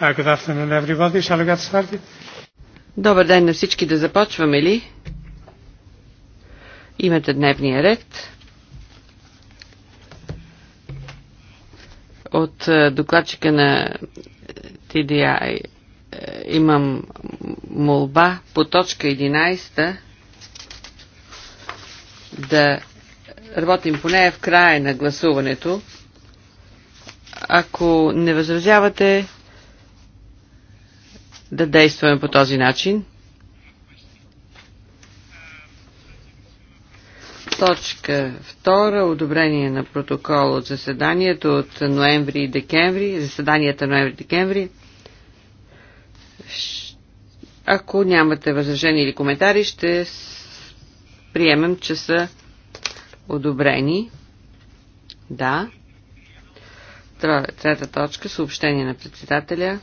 Uh, Добър ден на всички да започваме ли? Имате дневния ред. От е, докладчика на TDI е, имам молба по точка 11 да работим по нея в края на гласуването. Ако не възразявате, да действаме по този начин. Точка 2. Одобрение на протокол от заседанието от ноември и декември. Заседанията ноември-декември. Ако нямате възражения или коментари, ще приемем, че са одобрени. Да. Трета точка. Съобщение на председателя.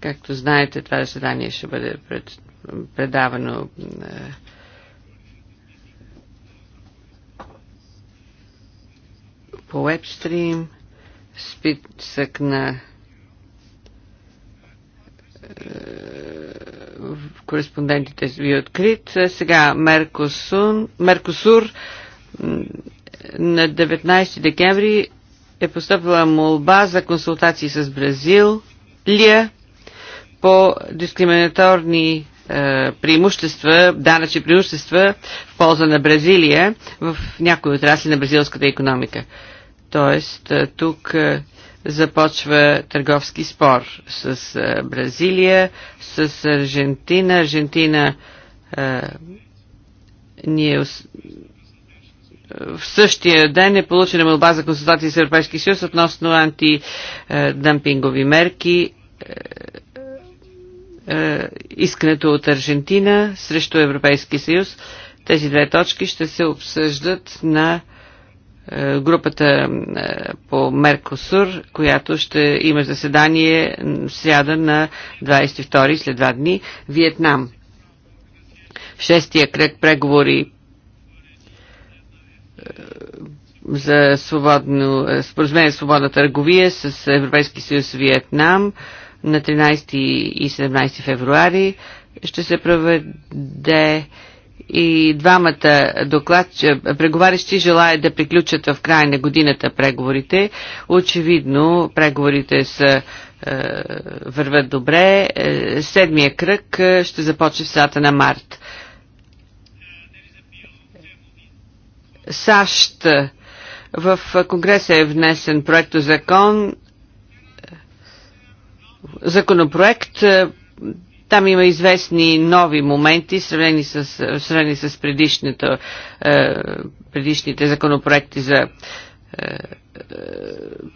Както знаете, това заседание ще бъде пред, предавано е, по вебстрим, списък на е, кореспондентите ви е открит. Сега Меркосур, Меркосур на 19 декември е поступила молба за консултации с Бразилия по дискриминаторни е, преимущества, данъчни преимущества в полза на Бразилия в някои отрасли на бразилската економика. Тоест, е, тук е, започва търговски спор с Бразилия, с Аржентина. Аржентина а, ние в същия ден е получена мълба за консултации с Европейския съюз относно антидъмпингови мерки. Е, искането от Аржентина срещу Европейски съюз. Тези две точки ще се обсъждат на е, групата е, по Меркосур, която ще има заседание сряда на 22 след два дни Виетнам. Шестия кръг преговори за свободно, споразумение свободна търговия с Европейски съюз Виетнам на 13 и 17 февруари ще се проведе и двамата доклад, преговарящи желаят да приключат в края на годината преговорите. Очевидно, преговорите са е, върват добре. Е, седмия кръг е, ще започне в сата на март. САЩ в Конгреса е внесен проект закон законопроект. Е, там има известни нови моменти, сравнени с, сравнени с предишната, е, предишните законопроекти за е,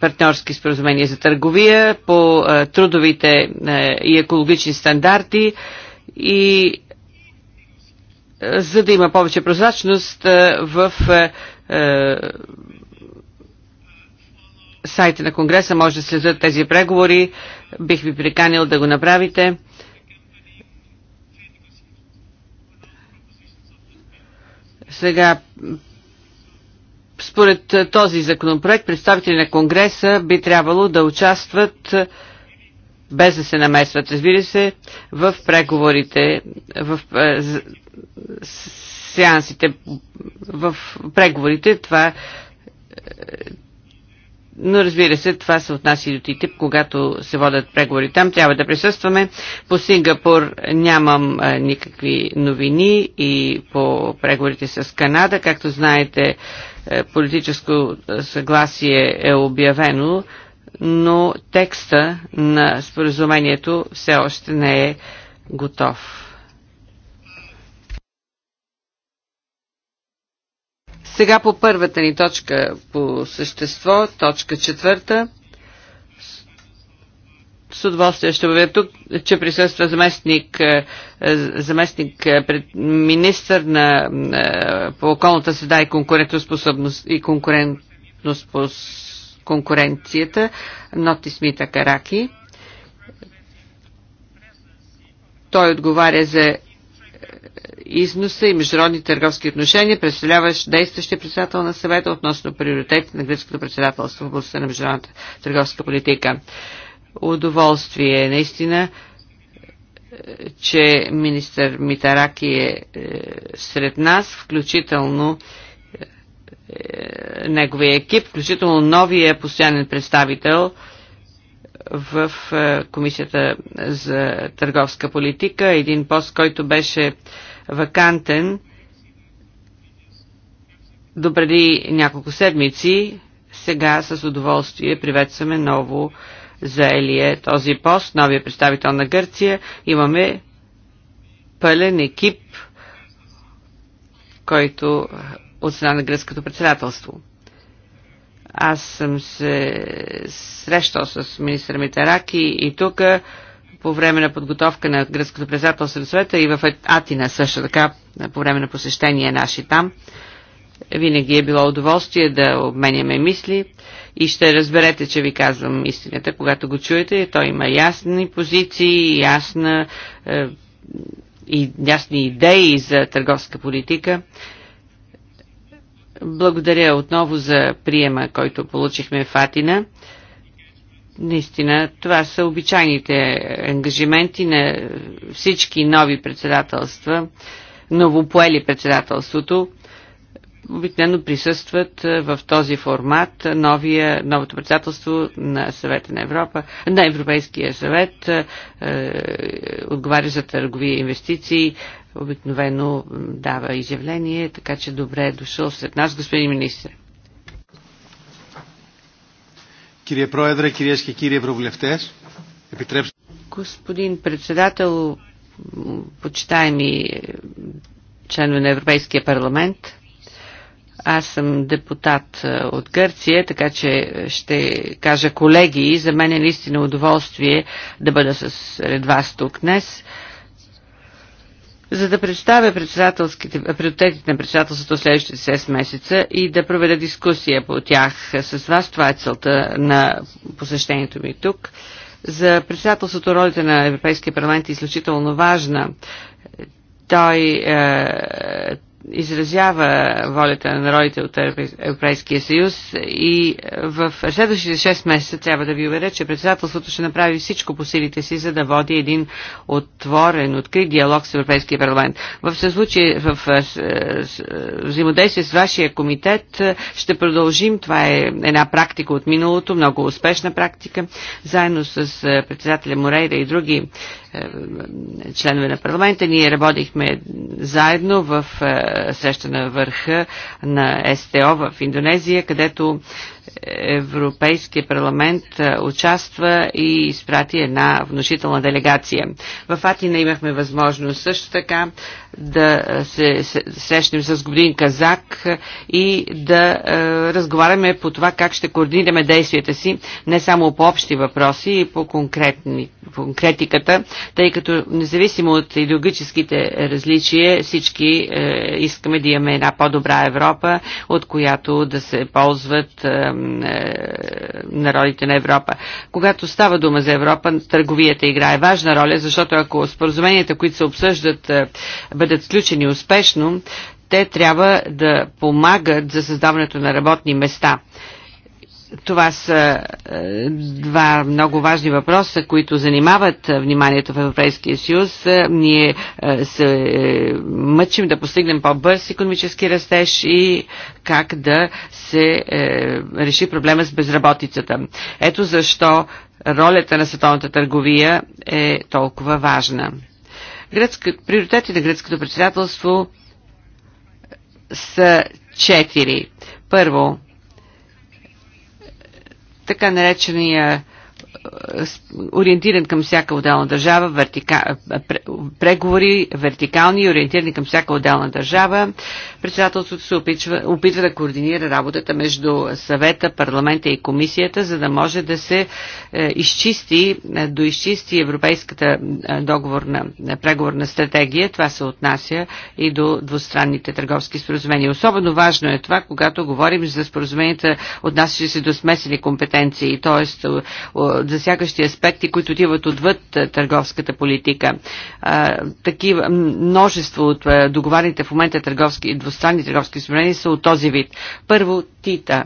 партньорски споразумения за търговия, по трудовите и екологични стандарти и за да има повече прозрачност в сайта на Конгреса може да следят тези преговори. Бих ви приканил да го направите. Сега, според този законопроект, представители на Конгреса би трябвало да участват без да се намесват, разбира се, в преговорите, в е, сеансите, в преговорите, това е, но разбира се, това се отнася и до ТИТИП, когато се водят преговори там. Трябва да присъстваме. По Сингапур нямам а, никакви новини и по преговорите с Канада. Както знаете, политическо съгласие е обявено, но текста на споразумението все още не е готов. Сега по първата ни точка по същество, точка четвърта. С удоволствие ще бъде тук, че присъства заместник, е, е, заместник е, министър на, по околната среда и конкурентоспособност и по конкуренцията Ноти Смита Караки. Той отговаря за износа и международни търговски отношения, представляващ действащия председател на съвета относно приоритетите на гръцкото председателство в областта на международната търговска политика. Удоволствие е наистина е, че министър Митараки е, е сред нас, включително неговия екип, включително новия постоянен представител в е, Комисията за търговска политика. Един пост, който беше вакантен допреди няколко седмици. Сега с удоволствие приветстваме ново заелие този пост, новия представител на Гърция. Имаме пълен екип, който е, от страна на гръцкото председателство. Аз съм се срещал с министър Митараки и, и тук по време на подготовка на гръцкото председателство на света и в Атина също така по време на посещение наши там. Винаги е било удоволствие да обменяме мисли и ще разберете, че ви казвам истината, когато го чуете. Той има ясни позиции, ясна, е, и ясни идеи за търговска политика. Е, благодаря отново за приема, който получихме в Атина. Наистина, това са обичайните ангажименти на всички нови председателства, новопоели председателството обикновено присъстват е, в този формат новия, новото председателство на съвета на Европа, на Европейския съвет, е, е, отговаря за търговия и инвестиции, обикновено дава изявление, така че добре е дошъл след нас, господин министр. Кирие Проедре, кириешки кирие Евровлевтес, επιτρέψτε. Господин председател, почитаеми членове на Европейския парламент, аз съм депутат е, от Гърция, така че ще кажа колеги, за мен е наистина удоволствие да бъда сред вас тук днес за да представя приоритетите на председателството следващите 6 месеца и да проведа дискусия по тях с вас. Това е целта на посещението ми тук. За председателството ролите на Европейския парламент е изключително важна. Той е, изразява волята на народите от Европейския съюз и в следващите 6 месеца трябва да ви уверя, че председателството ще направи всичко по силите си, за да води един отворен, открит диалог с Европейския парламент. В случай в взаимодействие с вашия комитет ще продължим. Това е една практика от миналото, много успешна практика, заедно с председателя Морейда и други е, членове на парламента. Ние работихме заедно в е, среща на върха на СТО в Индонезия, където Европейския парламент участва и изпрати една внушителна делегация. В Атина имахме възможност също така да се срещнем с годин Казак и да разговаряме по това как ще координираме действията си не само по общи въпроси и по конкретни, по конкретиката, тъй като независимо от идеологическите различия всички е, искаме да имаме една по-добра Европа, от която да се ползват е, народите на Европа. Когато става дума за Европа, търговията играе важна роля, защото ако споразуменията, които се обсъждат, е, бъдат сключени успешно, те трябва да помагат за създаването на работни места това са е, два много важни въпроса, които занимават е, вниманието в Европейския съюз. Е, ние се мъчим да постигнем по-бърз економически растеж и как да се реши проблема с безработицата. Ето защо ролята на световната търговия е толкова важна. Гръцка, приоритети на гръцкото председателство са четири. Първо, така наречения е, ориентиран към всяка отделна държава, вертика, е, преговори вертикални и ориентирани към всяка отделна държава. Председателството се опитва, опитва да координира работата между съвета, парламента и комисията, за да може да се е, изчисти, доизчисти европейската договорна, преговорна стратегия. Това се отнася и до двустранните търговски споразумения. Особено важно е това, когато говорим за споразуменията, отнасящи се до смесени компетенции, т.е засягащи аспекти, които отиват отвъд е, търговската политика. Такива множество от е, договарните в момента търговски, двустранни търговски споразумения са от този вид. Първо, ТИТА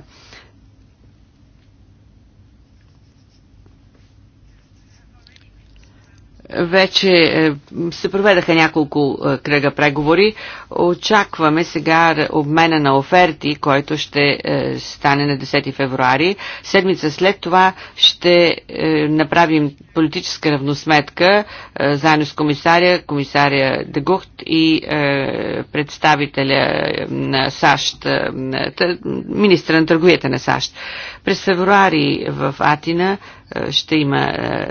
Вече е, се проведаха няколко е, кръга преговори. Очакваме сега обмена на оферти, който ще е, стане на 10 февруари. Седмица след това ще направим политическа равносметка заедно с комисаря, комисаря Дегухт и представителя на САЩ, министра на търговията на САЩ. През февруари в Атина ще има е,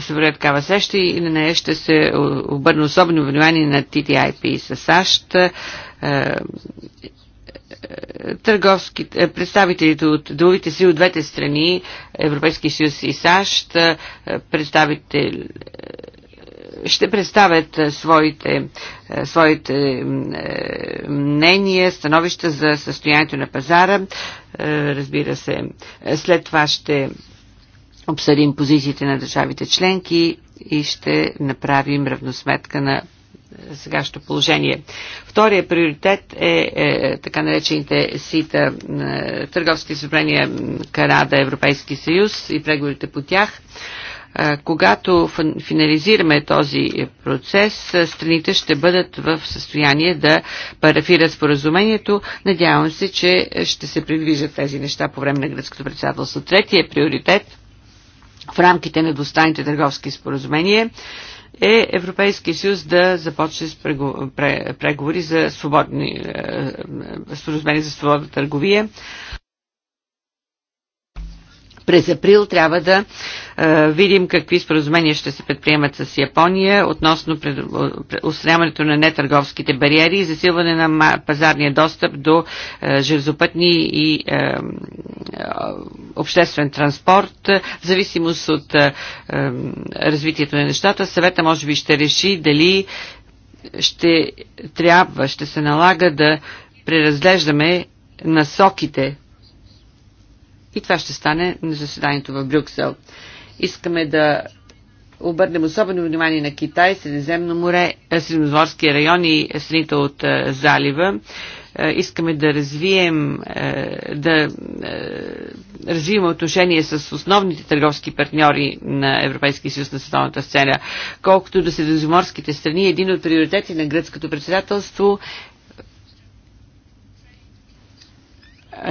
се такава среща и на нея ще се обърне особено внимание на TTIP с САЩ е, е, търговските, представителите от другите си от двете страни, Европейския съюз и САЩ, представител, ще представят своите, своите мнения, становища за състоянието на пазара. Разбира се, след това ще обсъдим позициите на държавите членки и ще направим равносметка на сегашното положение. Втория приоритет е, е така наречените сита е, търговски събрания Канада, Европейски съюз и преговорите по тях. Е, когато финализираме този процес, е, страните ще бъдат в състояние да парафират споразумението. Надявам се, че ще се придвижат тези неща по време на гръцкото председателство. Третия приоритет – в рамките на достойните търговски споразумения е Европейския съюз да започне с преговори за свободни, е, е, споразумения за свободна търговия. През април трябва да е, видим какви споразумения ще се предприемат с Япония относно устраняването на нетърговските бариери и засилване на пазарния достъп до е, железопътни и е, обществен транспорт. В зависимост от развитието на нещата, съвета може би ще реши дали ще трябва, ще се налага да преразглеждаме насоките. И това ще стане на заседанието в Брюксел. Искаме да обърнем особено внимание на Китай, Средиземно море, е, Средиземноморския район и страните от е, залива. Е, искаме да развием, да развием отношение с основните търговски партньори на Европейския съюз на световната сцена. Колкото до средиземноморските страни, един от приоритети на гръцкото председателство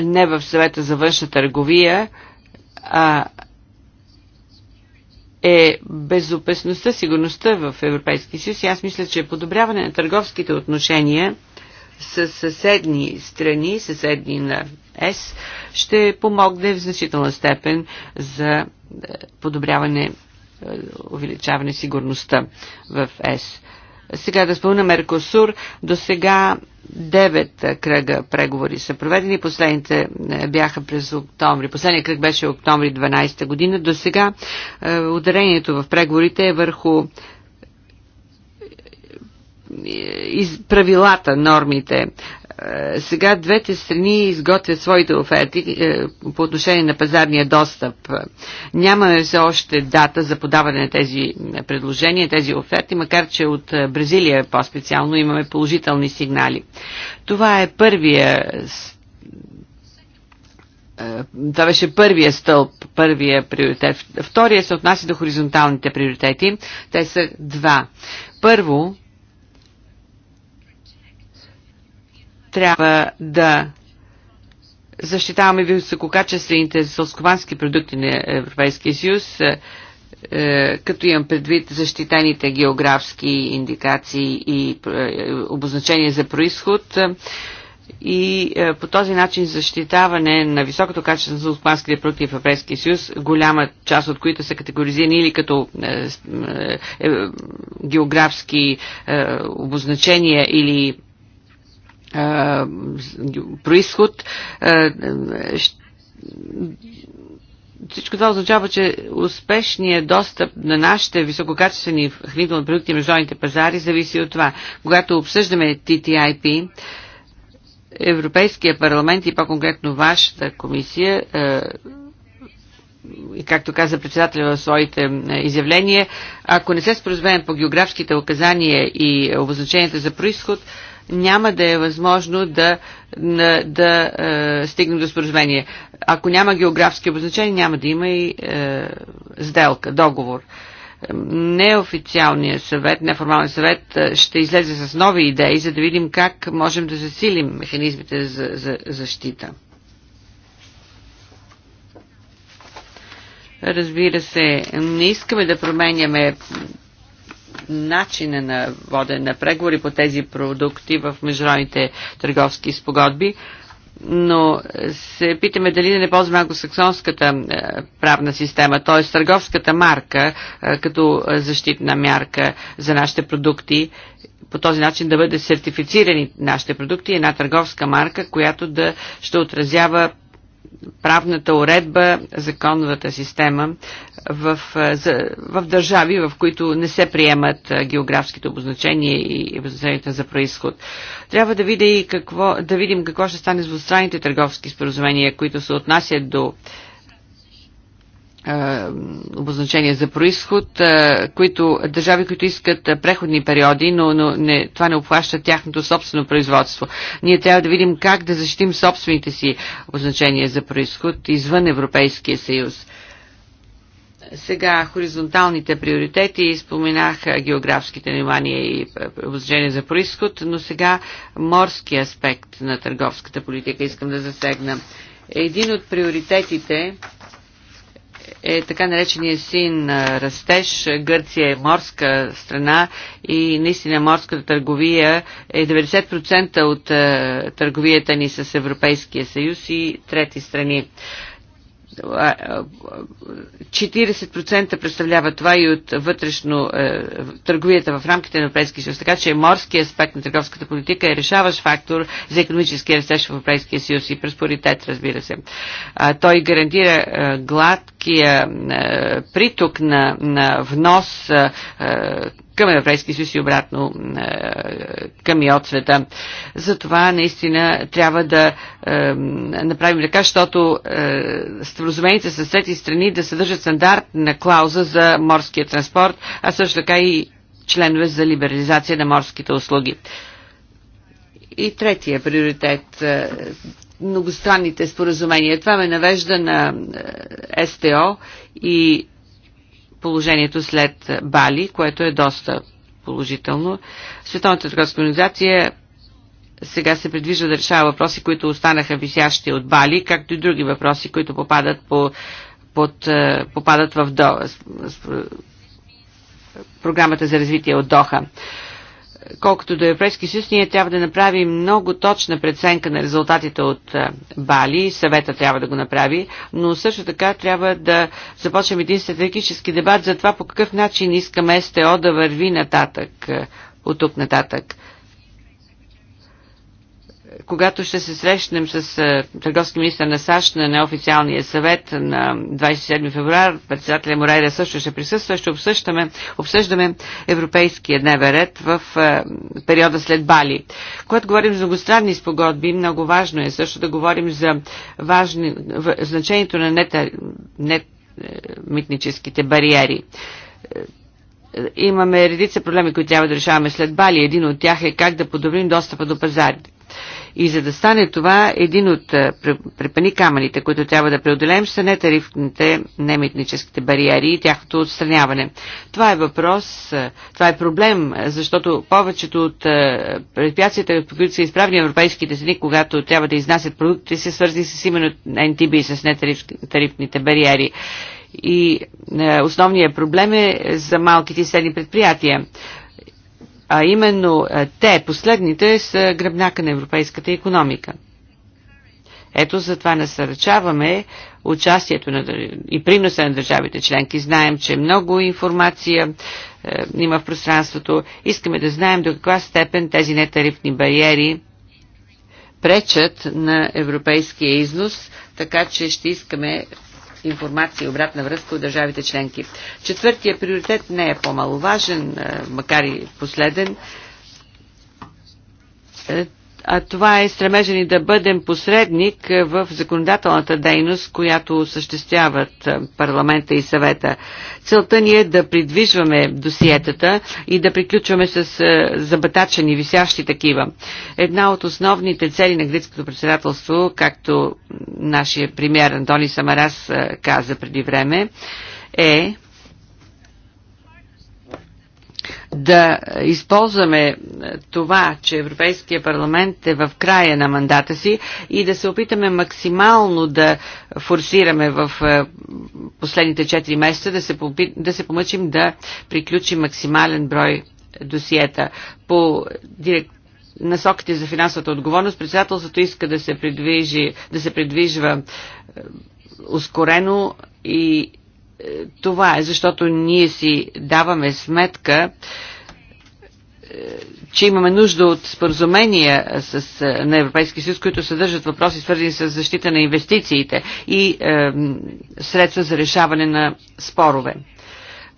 не в съвета за външна търговия, а е безопасността, сигурността в Европейския съюз. аз мисля, че подобряване на търговските отношения с съседни страни, съседни на ЕС, ще помогне в значителна степен за е, подобряване, е, увеличаване сигурността в ЕС. Сега да спомена Меркосур. До сега девет кръга преговори са проведени. Последните бяха през октомври. Последният кръг беше октомври 12 година. До сега ударението в преговорите е върху правилата, нормите, е, сега двете страни изготвят своите оферти е, по отношение на пазарния достъп. Нямаме все още дата за подаване на тези предложения, тези оферти, макар че от е, Бразилия по-специално имаме положителни сигнали. Това е първия това беше първия стълб, първия приоритет. Втория се отнася до хоризонталните приоритети. Те са два. Първо, трябва да защитаваме висококачествените сълсковански продукти на Европейския съюз, е, е, като имам предвид защитените географски индикации и е, обозначения за происход и по този начин защитаване на високото качество за отпанските продукти в Европейския съюз, голяма част от които са категоризирани или като географски обозначения или происход. Всичко това означава, че успешният достъп на нашите висококачествени хранителни продукти на международните пазари зависи от това. Когато обсъждаме TTIP, Европейския парламент и по-конкретно вашата комисия и както каза председателя в своите изявления, ако не се споразумеем по географските указания и обозначенията за происход, няма да е възможно да, да, да е, стигне до споразумение. Ако няма географски обозначения, няма да има и е, сделка, договор. Неофициалният съвет, неформалният съвет е, ще излезе с нови идеи, за да видим как можем да засилим механизмите за, за защита. Разбира се, не искаме да променяме начина на воден на преговори по тези продукти в международните търговски спогодби, но се питаме дали да не ползваме англосаксонската е, правна система, т.е. търговската марка е, като защитна мярка за нашите продукти, по този начин да бъде сертифицирани нашите продукти, една търговска марка, която да ще отразява правната уредба, законовата система е, в, е, за, в държави, в които не се приемат е, географските обозначения и обозначенията за происход. Трябва да, видя и какво, да видим какво ще стане с двустранните търговски споразумения, които се отнасят до е, обозначения за происход, които, държави, които искат преходни периоди, но, но не, това не обхваща тяхното собствено производство. Ние трябва да видим как да защитим собствените си обозначения за происход извън Европейския съюз. Сега хоризонталните приоритети, споменах географските внимания и обозрение за происход, но сега морски аспект на търговската политика искам да засегна. Един от приоритетите е така наречения син растеж. Гърция е морска страна и наистина морската търговия е 90% от търговията ни с Европейския съюз и трети страни. 40% представлява това и от вътрешно е, търговията в рамките на Европейския съюз. Така че морския аспект на търговската политика е решаващ фактор за економическия растеж в Европейския съюз и проспоритет, разбира се. А, той гарантира е, гладкия е, приток на, на внос, е, е към Европейския съюз и обратно е, към и от света. Затова наистина трябва да е, направим така, защото е, споразумените с трети страни да съдържат стандартна клауза за морския транспорт, а също така и членове за либерализация на морските услуги. И третия приоритет многостранните споразумения. Това ме навежда на СТО и положението след Бали, което е доста положително. Световната търговска организация сега се предвижда да решава въпроси, които останаха висящи от Бали, както и други въпроси, които попадат, по, под, е, попадат в до, програмата за развитие от Доха колкото до Европейски съюз, ние трябва да направим много точна преценка на резултатите от Бали, съвета трябва да го направи, но също така трябва да започнем един стратегически дебат за това по какъв начин искаме СТО да върви нататък, от тук нататък когато ще се срещнем с търговски министр на САЩ на неофициалния съвет на 27 февруар, председателя Морайра също ще присъства, ще обсъждаме, обсъждаме европейския дневен ред в периода след Бали. Когато говорим за многостранни спогодби, много важно е също да говорим за важни, значението на нета, нет, е, митническите бариери е, имаме редица проблеми, които трябва да решаваме след Бали. Един от тях е как да подобрим достъпа до пазарите. И за да стане това, един от е, препани камъните, които трябва да преодолеем, са нетарифните, немитническите бариери и тяхното отстраняване. Това е въпрос, е, това е проблем, е, защото повечето от предприятията, от които са изправни европейските страни, когато трябва да изнасят продукти, се свързани с именно NTB, с нетарифните бариери. И основният проблем е за малките и средни предприятия а именно е, те, последните, са гръбнака на европейската економика. Ето затова насърчаваме участието на, и приноса на държавите членки. Знаем, че много информация е, има в пространството. Искаме да знаем до каква степен тези нетарифни бариери пречат на европейския износ, така че ще искаме информация и обратна връзка от държавите членки. Четвъртия приоритет не е по-маловажен, е, макар и последен е, а това е стремежа ни да бъдем посредник в законодателната дейност, която съществяват парламента и съвета. Целта ни е да придвижваме досиетата и да приключваме с забатачени, висящи такива. Една от основните цели на гръцкото председателство, както нашия премьер Антони Самарас каза преди време, е да използваме това, че Европейския парламент е в края на мандата си и да се опитаме максимално да форсираме в е, последните 4 месеца, да се, попит... да се помъчим да приключим максимален брой досиета. По директ насоките за финансовата отговорност, председателството иска да се, придвижи, да се придвижва е, ускорено и е, това е, защото ние си даваме сметка, е, че имаме нужда от споразумения с, е, на Европейския съюз, които съдържат въпроси свързани с защита на инвестициите и е, средства за решаване на спорове.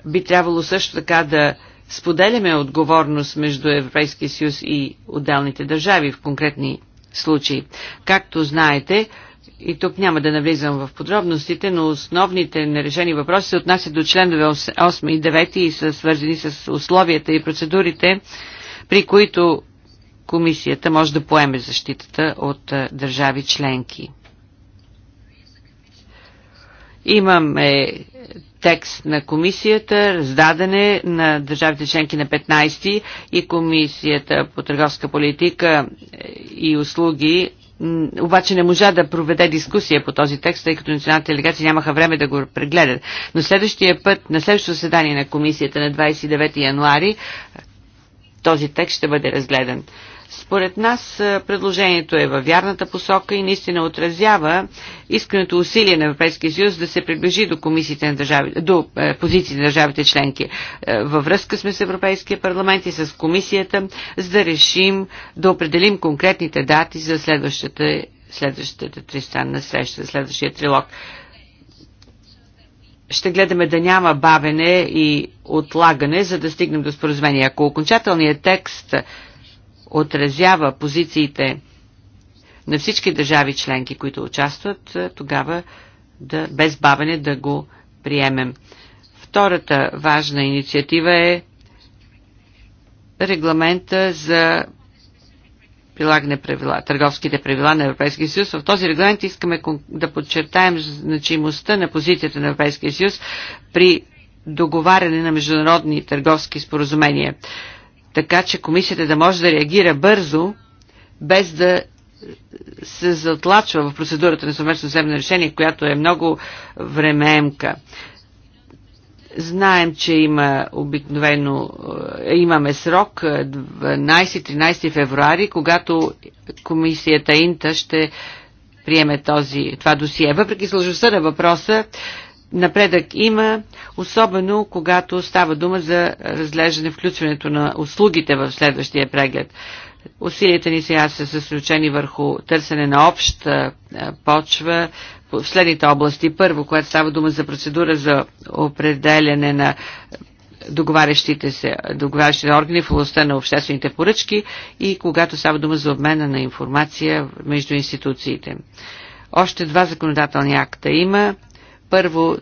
Би трябвало също така да споделяме отговорност между Европейския съюз и отделните държави в конкретни случаи. Както знаете, и тук няма да навлизам в подробностите, но основните нарешени въпроси се отнасят до членове 8 и 9 и са свързани с условията и процедурите, при които комисията може да поеме защитата от държави членки. Имаме текст на комисията, раздадене на държавите членки на 15 и комисията по търговска политика е, и услуги обаче не можа да проведе дискусия по този текст, тъй като националните делегации нямаха време да го прегледат. Но следващия път, на следващото заседание на комисията на 29 януари, този текст ще бъде разгледан. Според нас е, предложението е във вярната посока и наистина отразява искреното усилие на Европейския съюз да се приближи до, комисиите на държави, до е, позиции на държавите членки. Е, във връзка сме с Европейския парламент и с комисията, за да решим да определим конкретните дати за следващата, следващата тристранна среща, за следващия трилог ще гледаме да няма бавене и отлагане, за да стигнем до споразумение. Ако окончателният текст отразява позициите на всички държави членки, които участват, е, тогава да, без бавене да го приемем. Втората важна инициатива е регламента за прилагане правила, търговските правила на Европейския съюз. В този регламент искаме да подчертаем значимостта на позицията на Европейския съюз при договаряне на международни търговски споразумения така че комисията да може да реагира бързо, без да се затлачва в процедурата на съвместно вземане решение, която е много времеемка. Знаем, че има обикновено, е, имаме срок 12-13 е, февруари, когато комисията Инта ще приеме този, това досие. Въпреки сложността на въпроса, напредък има, особено когато става дума за разглеждане включването на услугите в следващия преглед. Усилията ни сега са съсредоточени върху търсене на обща почва в следните области. Първо, когато става дума за процедура за определяне на договарящите се, договарящите органи в областта на обществените поръчки и когато става дума за обмена на информация между институциите. Още два законодателни акта има първо,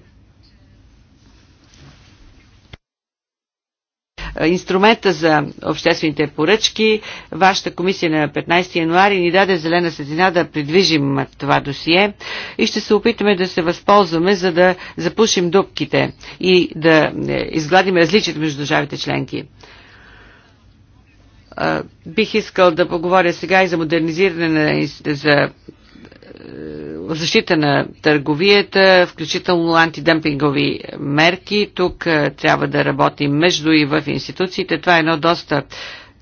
инструмента за обществените поръчки. Вашата комисия на 15 януари ни даде зелена светлина да придвижим това досие и ще се опитаме да се възползваме, за да запушим дупките и да е, изгладим различията между държавите членки. Бих искал да поговоря сега и за модернизиране на, за е, защита на търговията, включително антидъмпингови мерки. Тук е, трябва да работим между и в институциите. Това е едно доста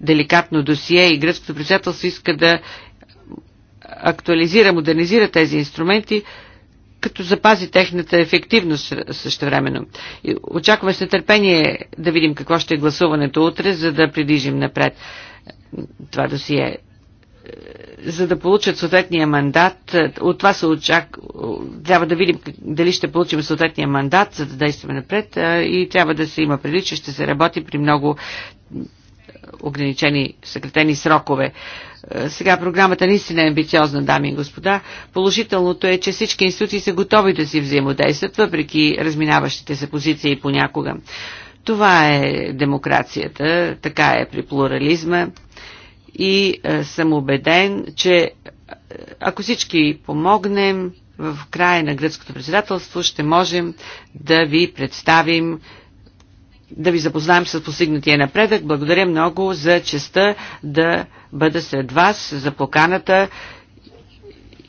деликатно досие и гръцкото председателство иска да актуализира, модернизира тези инструменти, като запази техната ефективност също времено. Очакваме с нетърпение да видим какво ще е гласуването утре, за да придвижим напред това досие за да получат съответния мандат, от това се очак... трябва да видим дали ще получим съответния мандат, за да действаме напред и трябва да се има предвид, че ще се работи при много ограничени, съкратени срокове. Сега програмата наистина е амбициозна, дами и господа. Положителното е, че всички институции са готови да си взаимодействат, въпреки разминаващите се позиции понякога. Това е демокрацията, така е при плурализма и е, съм убеден, че е, ако всички помогнем в края на гръцкото председателство, ще можем да ви представим да ви запознаем с постигнатия напредък. Благодаря много за честа да бъда сред вас, за поканата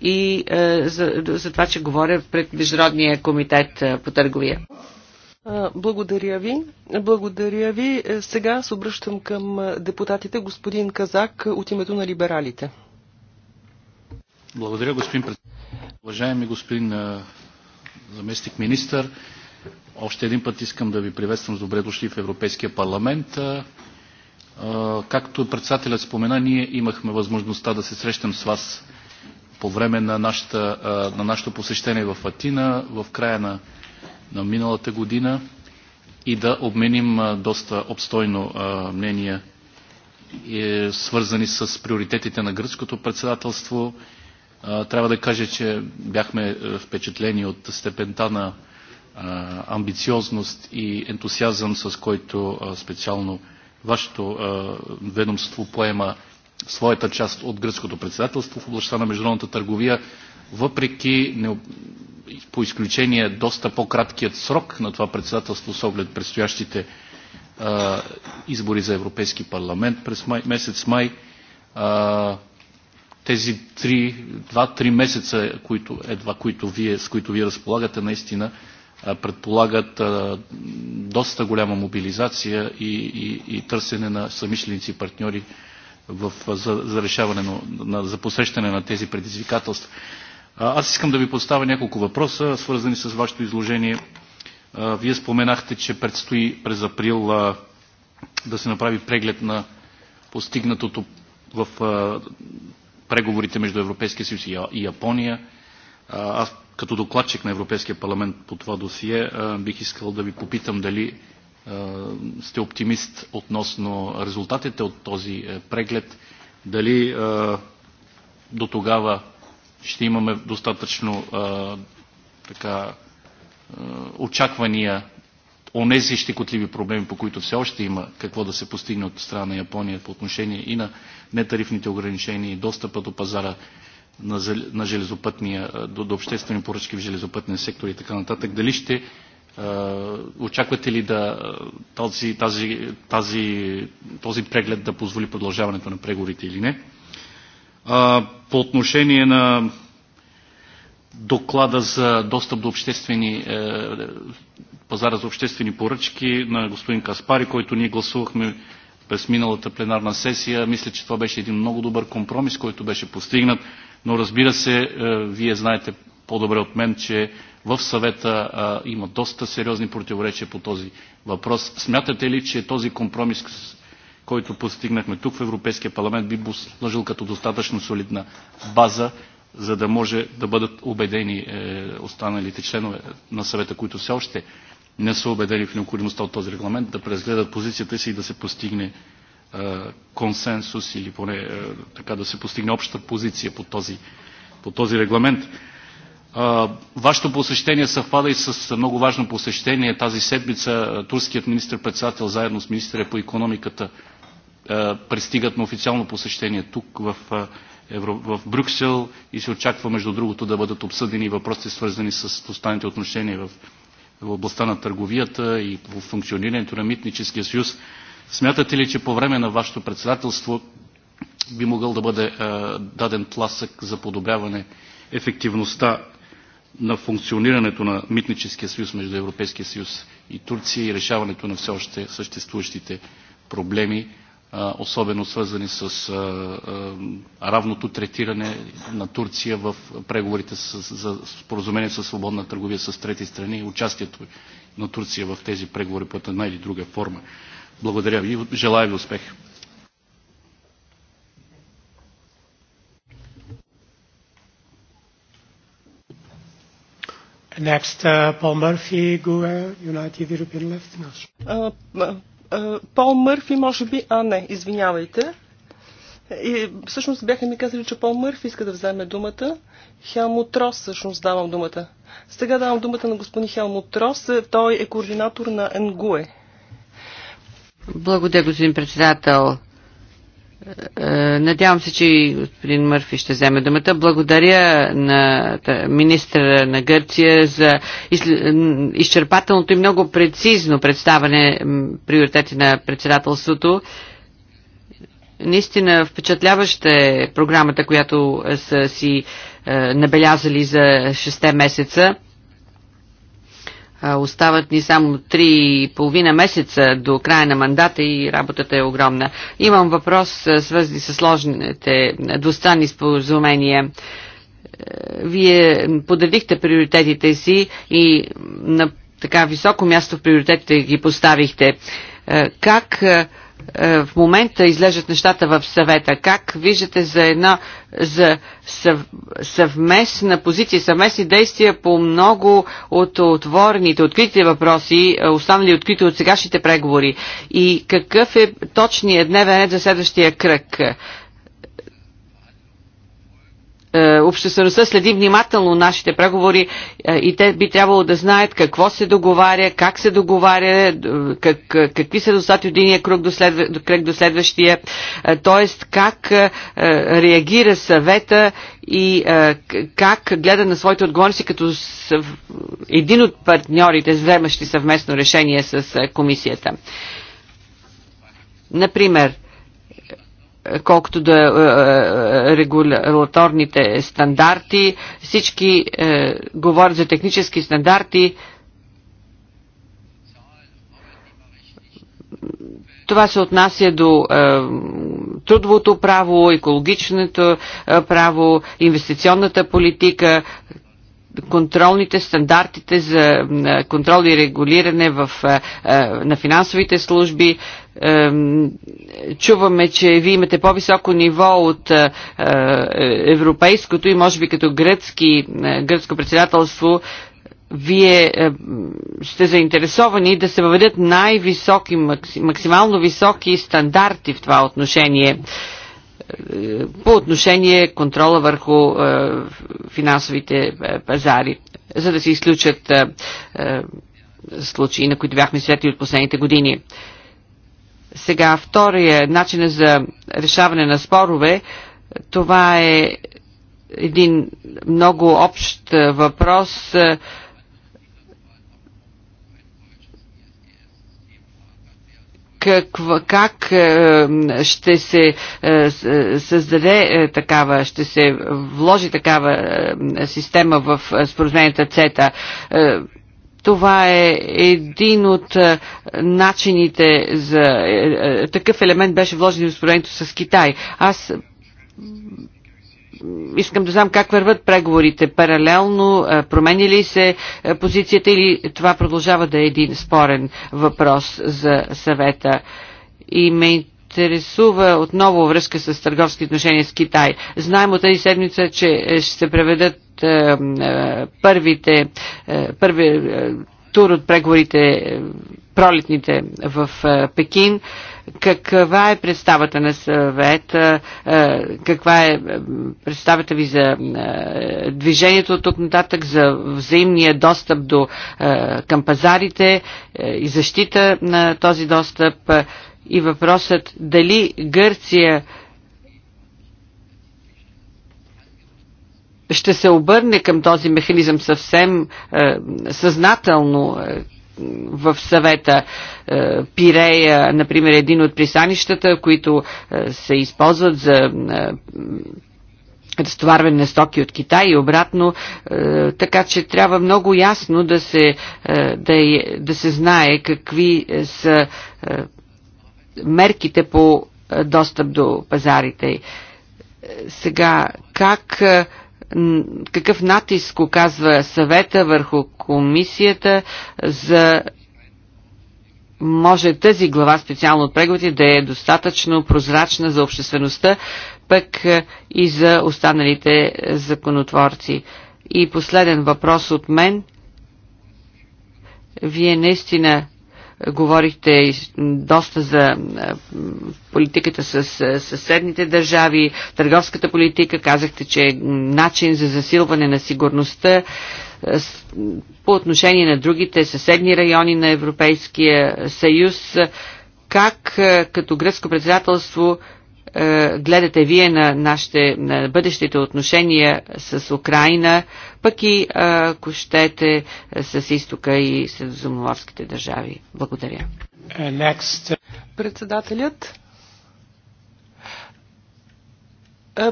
и а, е, за, за това, че говоря пред Международния комитет по търговия. Благодаря ви. Благодаря ви. Е, сега се обръщам към е, депутатите. Господин Казак е, от името на либералите. Благодаря, господин председател. Уважаеми господин заместник министър, още един път искам да ви приветствам с добре дошли в Европейския парламент. Както председателят спомена, ние имахме възможността да се срещам с вас по време на, нашата, на нашето посещение в Атина в края на на миналата година и да обменим доста обстойно мнения, е, свързани с приоритетите на гръцкото председателство. Трябва да кажа, че бяхме е, впечатлени от степента на амбициозност и ентусиазъм, с който специално вашето ведомство поема своята част от гръцкото председателство в областта на международната търговия, въпреки по изключение доста по-краткият срок на това председателство с оглед предстоящите а, избори за Европейски парламент през май, месец май. А, тези 2-3 месеца, които, едва, които вие, с които вие разполагате, наистина предполагат а, доста голяма мобилизация и, и, и търсене на самишленици и партньори в, за, за решаване на, на, за посрещане на тези предизвикателства. Аз искам да ви поставя няколко въпроса, свързани с вашето изложение. Вие споменахте, че предстои през април да се направи преглед на постигнатото в преговорите между Европейския съюз и Япония. Аз като докладчик на Европейския парламент по това досие бих искал да ви попитам дали сте оптимист относно резултатите от този е, преглед, дали до тогава ще имаме достатъчно а, така, очаквания онези щекотливи проблеми, по които все още има какво да се постигне от страна на Япония по отношение и на нетарифните ограничения и достъпа до пазара на, на железопътния, до, до обществени поръчки в железопътния сектор и така нататък. Дали ще Очаквате ли да този, тази, тази, този преглед да позволи продължаването на преговорите или не? А, по отношение на доклада за достъп до обществени е, пазара за обществени поръчки на господин Каспари, който ние гласувахме през миналата пленарна сесия. Мисля, че това беше един много добър компромис, който беше постигнат, но разбира се, е, вие знаете по-добре от мен, че в съвета е, има доста сериозни противоречия по този въпрос. Смятате ли, че този компромис който постигнахме тук в Европейския парламент, би сложил като достатъчно солидна база, за да може да бъдат убедени е, останалите членове на съвета, които все още не са убедени в необходимостта от този регламент, да презгледат позицията си и да се постигне е, консенсус или поне е, така да се постигне обща позиция по този, по този регламент. Вашето посещение съвпада и с много важно посещение тази седмица. Турският министр-председател заедно с министъра по економиката пристигат на официално посещение тук в, в Брюксел и се очаква между другото да бъдат обсъдени въпроси свързани с останалите отношения в, в областта на търговията и в функционирането на митническия съюз. Смятате ли, че по време на вашето председателство би могъл да бъде даден тласък за подобяване ефективността на функционирането на митническия съюз между Европейския съюз и Турция и решаването на все още съществуващите проблеми особено свързани с равното третиране на Турция в преговорите за споразумение с свободна търговия с трети страни и участието на Турция в тези преговори под една или друга форма. Благодаря ви и желая ви успех. Next, uh, Paul Murphy, Google, United European Left. No. Uh, uh е, Пол Мърфи, може би. А, не, извинявайте. И, всъщност бяха ми казали, че Пол Мърфи иска да вземе думата. Хелмут Трос, всъщност давам думата. Сега давам думата на господин Хелмут Трос. Той е координатор на НГУЕ. Благодаря, господин председател. Е, надявам се, че и господин Мърфи ще вземе думата. Благодаря на министра на Гърция за изчерпателното и много прецизно представане приоритети на председателството. Наистина впечатляваща е програмата, която са си е, набелязали за 6 месеца. Остават ни само 3,5 месеца до края на мандата и работата е огромна. Имам въпрос, свързани с сложните двустранни споразумения вие подредихте приоритетите си и на така високо място в приоритетите ги поставихте. Как е, в момента излежат нещата в съвета. Как виждате за една за съв, съвместна позиция, съвместни действия по много от отворените, откритите въпроси, е, останали открити от сегашните преговори? И какъв е точният дневен ред за следващия кръг? Е, обществеността следи внимателно нашите преговори е, и те би трябвало да знаят какво се договаря, как се договаря, е, как, какви са достатъци от единия кръг до, следва, кръг до следващия, т.е. как реагира съвета и как гледа на своите отговорности като един от партньорите, вземащи съвместно решение с комисията. Например, колкото до е, е, е, регуляторните стандарти. Всички е, говорят за технически стандарти. Това се отнася до е, трудовото право, екологичното право, инвестиционната политика, контролните стандартите за контрол и регулиране в, на финансовите служби чуваме, че вие имате по-високо ниво от е, е, европейското и може би като гръцки, е, гръцко председателство вие сте заинтересовани да се въведат най-високи, максимално високи стандарти в това отношение по отношение контрола върху финансовите пазари, за да се изключат случаи, на които бяхме светли от последните години. Сега, втория начин е за решаване на спорове, това е един много общ е, въпрос. Е, как, как ще се създаде такава, ще се вложи такава система в споразумението ЦЕТА? Това е един от е, начините за... Е, е, такъв елемент беше вложен в споредението с Китай. Аз искам да знам как върват преговорите. Паралелно промени ли се позицията или това продължава да е един спорен въпрос за съвета? И ме интересува отново връзка с търговски отношения с Китай. Знаем от тази седмица, че е, ще се преведат е, е, първите, първи тур от преговорите пролетните в Пекин. Каква е представата на съвета? Каква е представата ви за движението от тук нататък, за взаимния достъп до, към пазарите и защита на този достъп? и въпросът дали Гърция ще се обърне към този механизъм съвсем е, съзнателно е, в съвета е, Пирея, например, е един от пристанищата, които е, се използват за е, разтоварване на стоки от Китай и обратно, е, така че трябва много ясно да се, е, да, е, да се знае какви са е, мерките по е, достъп до пазарите. Е, сега, как, е, какъв натиск оказва съвета върху комисията за може тази глава специално от преговорите да е достатъчно прозрачна за обществеността, пък и за останалите законотворци. И последен въпрос от мен. Вие наистина Говорихте доста за политиката с съседните държави, търговската политика. Казахте, че е начин за засилване на сигурността по отношение на другите съседни райони на Европейския съюз. Как като гръцко председателство е, гледате вие на нашите на бъдещите отношения с Украина, пък и е, ако щете с изтока и с държави? Благодаря. Е, next. Председателят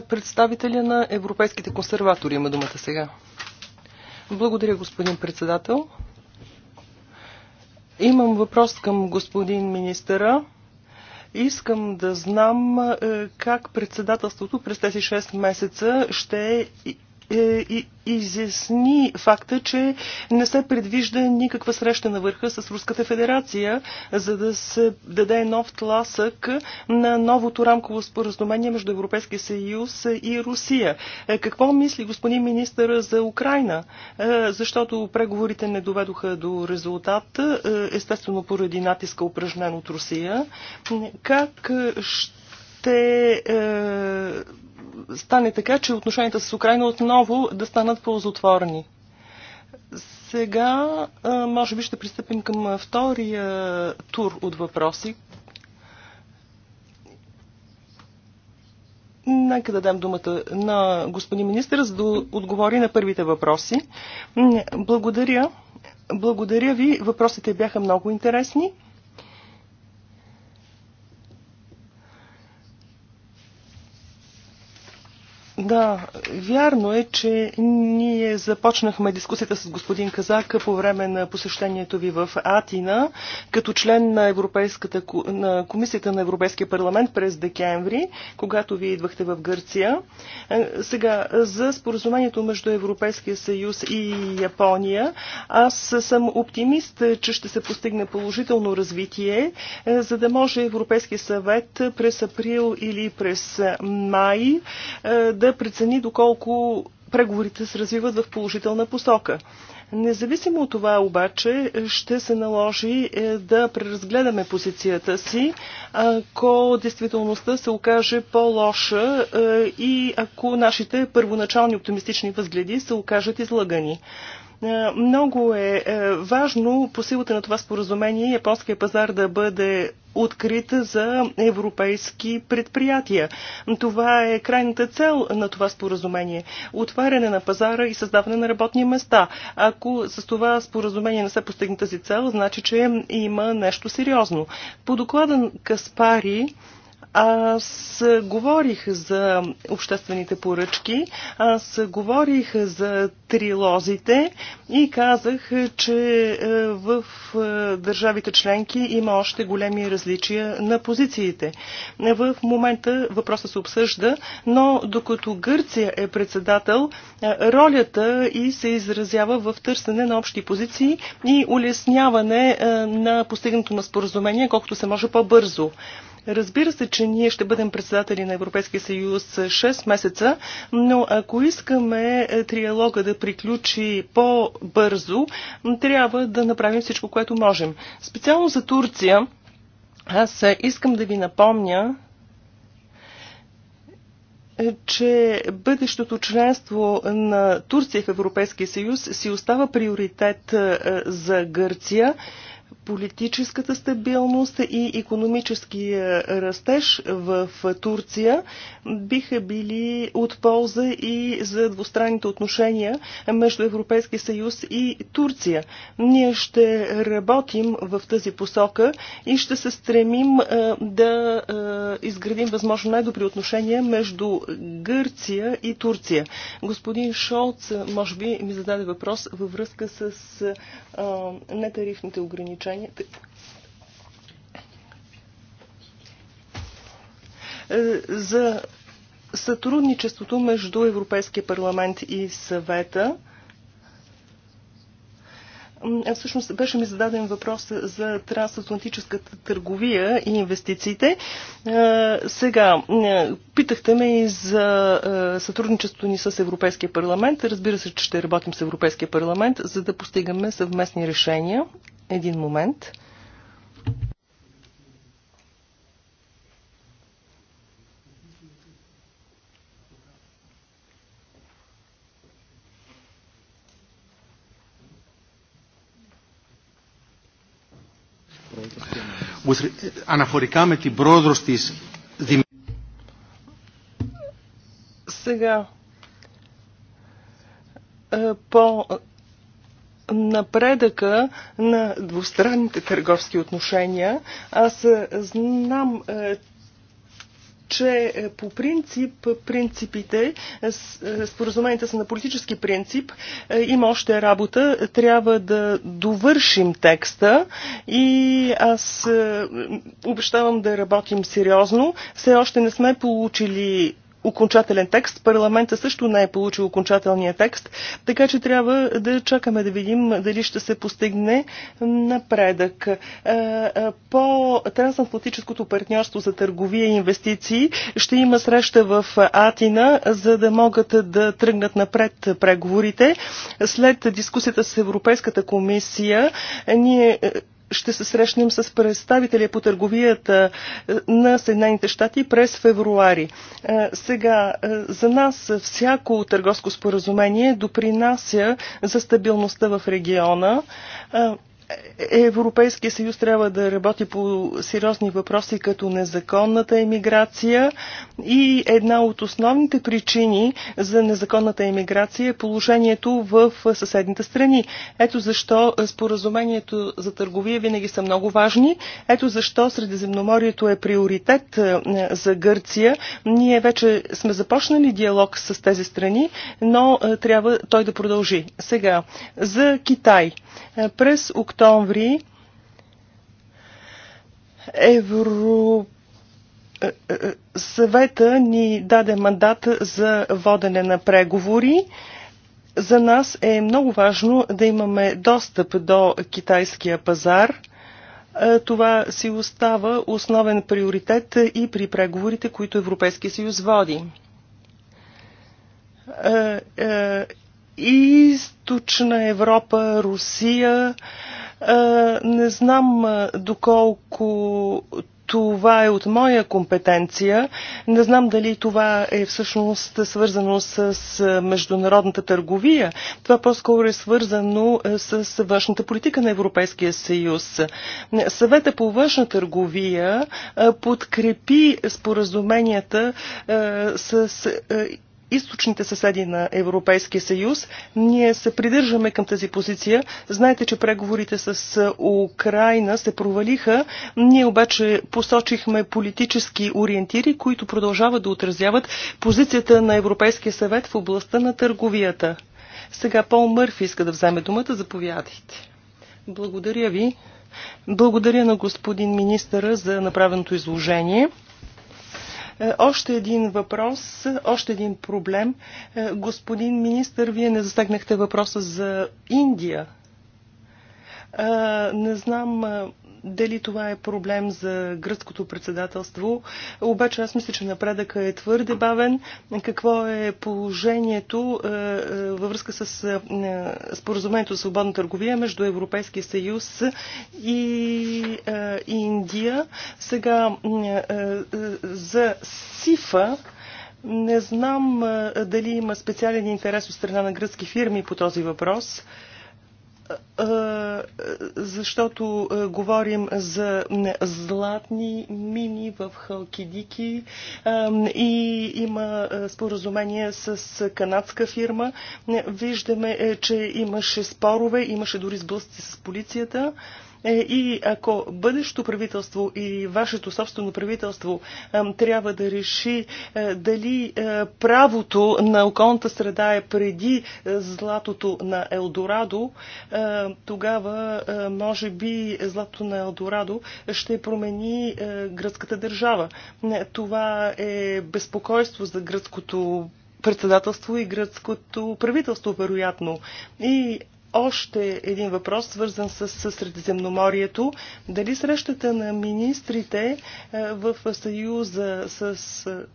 Представителя на европейските консерватори има думата сега. Благодаря, господин председател. Имам въпрос към господин министъра. Искам да знам е, как председателството през тези 6 месеца ще е, изясни факта, че не се предвижда никаква среща на върха с Руската федерация, за да се даде нов тласък на новото рамково споразумение между Европейския съюз и Русия. Е, какво мисли господин министър за Украина? Е, защото преговорите не доведоха до резултат, естествено поради натиска упражнен от Русия. Как ще стане така, че отношенията с Украина отново да станат ползотворни. Сега, може би, ще пристъпим към втория тур от въпроси. Нека да дам думата на господин министър, за да отговори на първите въпроси. Благодаря. Благодаря ви. Въпросите бяха много интересни. Да, вярно е, че ние започнахме дискусията с господин Казак по време на посещението ви в Атина, като член на, Европейската, на Комисията на Европейския парламент през декември, когато вие идвахте в Гърция. Е, сега, за споразумението между Европейския съюз и Япония, аз съм оптимист, че ще се постигне положително развитие, е, за да може Европейския съвет през април или през май е, да да прецени доколко преговорите се развиват в положителна посока. Независимо от това обаче ще се наложи е, да преразгледаме позицията си, ако действителността се окаже по-лоша е, и ако нашите първоначални оптимистични възгледи се окажат излагани. Е, много е, е важно по силата на това споразумение японския пазар да бъде открит за европейски предприятия. Това е крайната цел на това споразумение. Отваряне на пазара и създаване на работни места. Ако с това споразумение не се постигне тази цел, значи, че има нещо сериозно. По доклада Каспари, аз говорих за обществените поръчки, аз говорих за трилозите и казах, че е, в е, държавите членки има още големи различия на позициите. В момента въпросът се обсъжда, но докато Гърция е председател, е, ролята и се изразява в търсене на общи позиции и улесняване на постигнато на споразумение, колкото се може по-бързо. Разбира се, че ние ще бъдем председатели на Европейския съюз 6 месеца, но ако искаме е, триалога да приключи по-бързо, трябва да направим всичко, което можем. Специално за Турция, аз е, искам да ви напомня, е, че бъдещото членство на Турция в Европейския съюз си остава приоритет за Гърция политическата стабилност и економическия растеж в Турция биха били от полза и за двустранните отношения между Европейския съюз и Турция. Ние ще работим в тази посока и ще се стремим да изградим възможно най-добри отношения между Гърция и Турция. Господин Шолц, може би, ми зададе въпрос във връзка с нетарифните ограничения отношение. Е, за сътрудничеството между Европейския парламент и съвета. Е, всъщност беше ми зададен въпрос за трансатлантическата търговия и инвестициите. Е, сега, питахте ме и за сътрудничеството ни с Европейския парламент. Разбира се, че ще работим с Европейския парламент, за да постигаме съвместни решения един момент. Αναφορικά με την πρόοδο της Сега, по напредъка на двустранните търговски отношения. Аз е, знам, е, че е, по принцип принципите, споразуменията са на политически принцип, има още работа, трябва да довършим текста и аз обещавам да работим сериозно. Все още не сме получили окончателен текст. Парламента също не е получил окончателния текст, така че трябва да чакаме да видим дали ще се постигне напредък. Е, е, по трансатлантическото партньорство за търговия и инвестиции ще има среща в Атина, за да могат да тръгнат напред преговорите. След дискусията с Европейската комисия ние е, ще се срещнем с представителя по търговията е, на Съединените щати през февруари. Е, сега, е, за нас всяко търговско споразумение допринася за стабилността в региона. Европейския съюз трябва да работи по сериозни въпроси, като незаконната емиграция. И една от основните причини за незаконната емиграция е положението в съседните страни. Ето защо споразумението за търговия винаги са много важни. Ето защо Средиземноморието е приоритет е, за Гърция. Ние вече сме започнали диалог с тези страни, но е, трябва той да продължи. Сега, за Китай. Е, през октомври октомври Евро... Е, е, съвета ни даде мандат за водене на преговори. За нас е много важно да имаме достъп до китайския пазар. Е, това си остава основен приоритет и при преговорите, които Европейския съюз води. Източна Европа, Русия, не знам доколко това е от моя компетенция. Не знам дали това е всъщност свързано с международната търговия. Това по-скоро е свързано с външната политика на Европейския съюз. Съвета по външна търговия подкрепи споразуменията с източните съседи на Европейския съюз. Ние се придържаме към тази позиция. Знаете, че преговорите с Украина се провалиха. Ние обаче посочихме политически ориентири, които продължават да отразяват позицията на Европейския съвет в областта на търговията. Сега Пол Мърфи иска да вземе думата. Заповядайте. Благодаря ви. Благодаря на господин министъра за направеното изложение. Е, още един въпрос, още един проблем. Е, господин министър, вие не застегнахте въпроса за Индия. Е, не знам дали това е проблем за гръцкото председателство. Обаче аз мисля, че напредъка е твърде бавен. Какво е положението е, е, във връзка с е, споразумението за свободна търговия между Европейския съюз и Индия? Сега за СИФА. Не знам дали има специален интерес от страна на гръцки фирми по този въпрос защото говорим за златни мини в Халкидики и има споразумение с канадска фирма. Виждаме, е, че имаше спорове, имаше дори сблъсъци с полицията. Е, и ако бъдещото правителство и вашето собствено правителство трябва да реши е, дали е, правото на околната среда е преди златото на Елдорадо, тогава може би златото на Елдорадо ще промени гръцката държава. Това е безпокойство за гръцкото председателство и гръцкото правителство, вероятно. И още един въпрос, свързан с, Средиземноморието. Дали срещата на министрите е, в Съюза с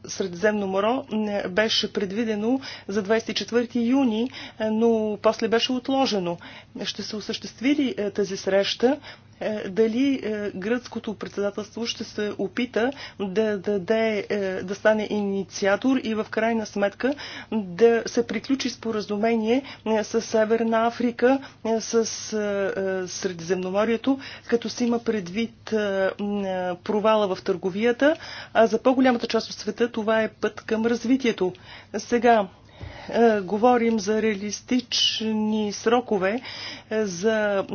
Средиземно моро беше предвидено за 24 юни, е, но после беше отложено? Ще се осъществи ли е, тази среща? Е, дали е, гръцкото председателство ще се опита да, даде, е, да стане инициатор и в крайна сметка да се приключи споразумение с Северна Африка, с Средиземноморието, като се има предвид провала в търговията, а за по-голямата част от света това е път към развитието. Сега, е, говорим за реалистични срокове е, за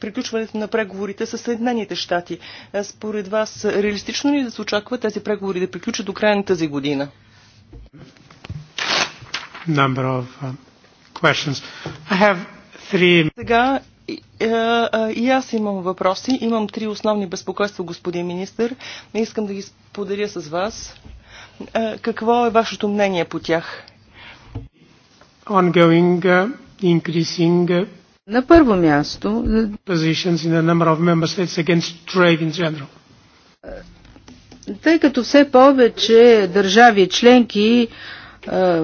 приключването на преговорите с Съединените щати. Е, според вас, реалистично ли да се очаква тези преговори да приключат до края на тази година? Uh, three... Сега и аз имам въпроси. Имам три основни безпокойства, господин министр. Искам да ги споделя с вас. Какво е вашето мнение по тях? ongoing uh, increasing uh, на първо място е, positions in a number of member states against trade in general. Тъй като все повече държави членки е,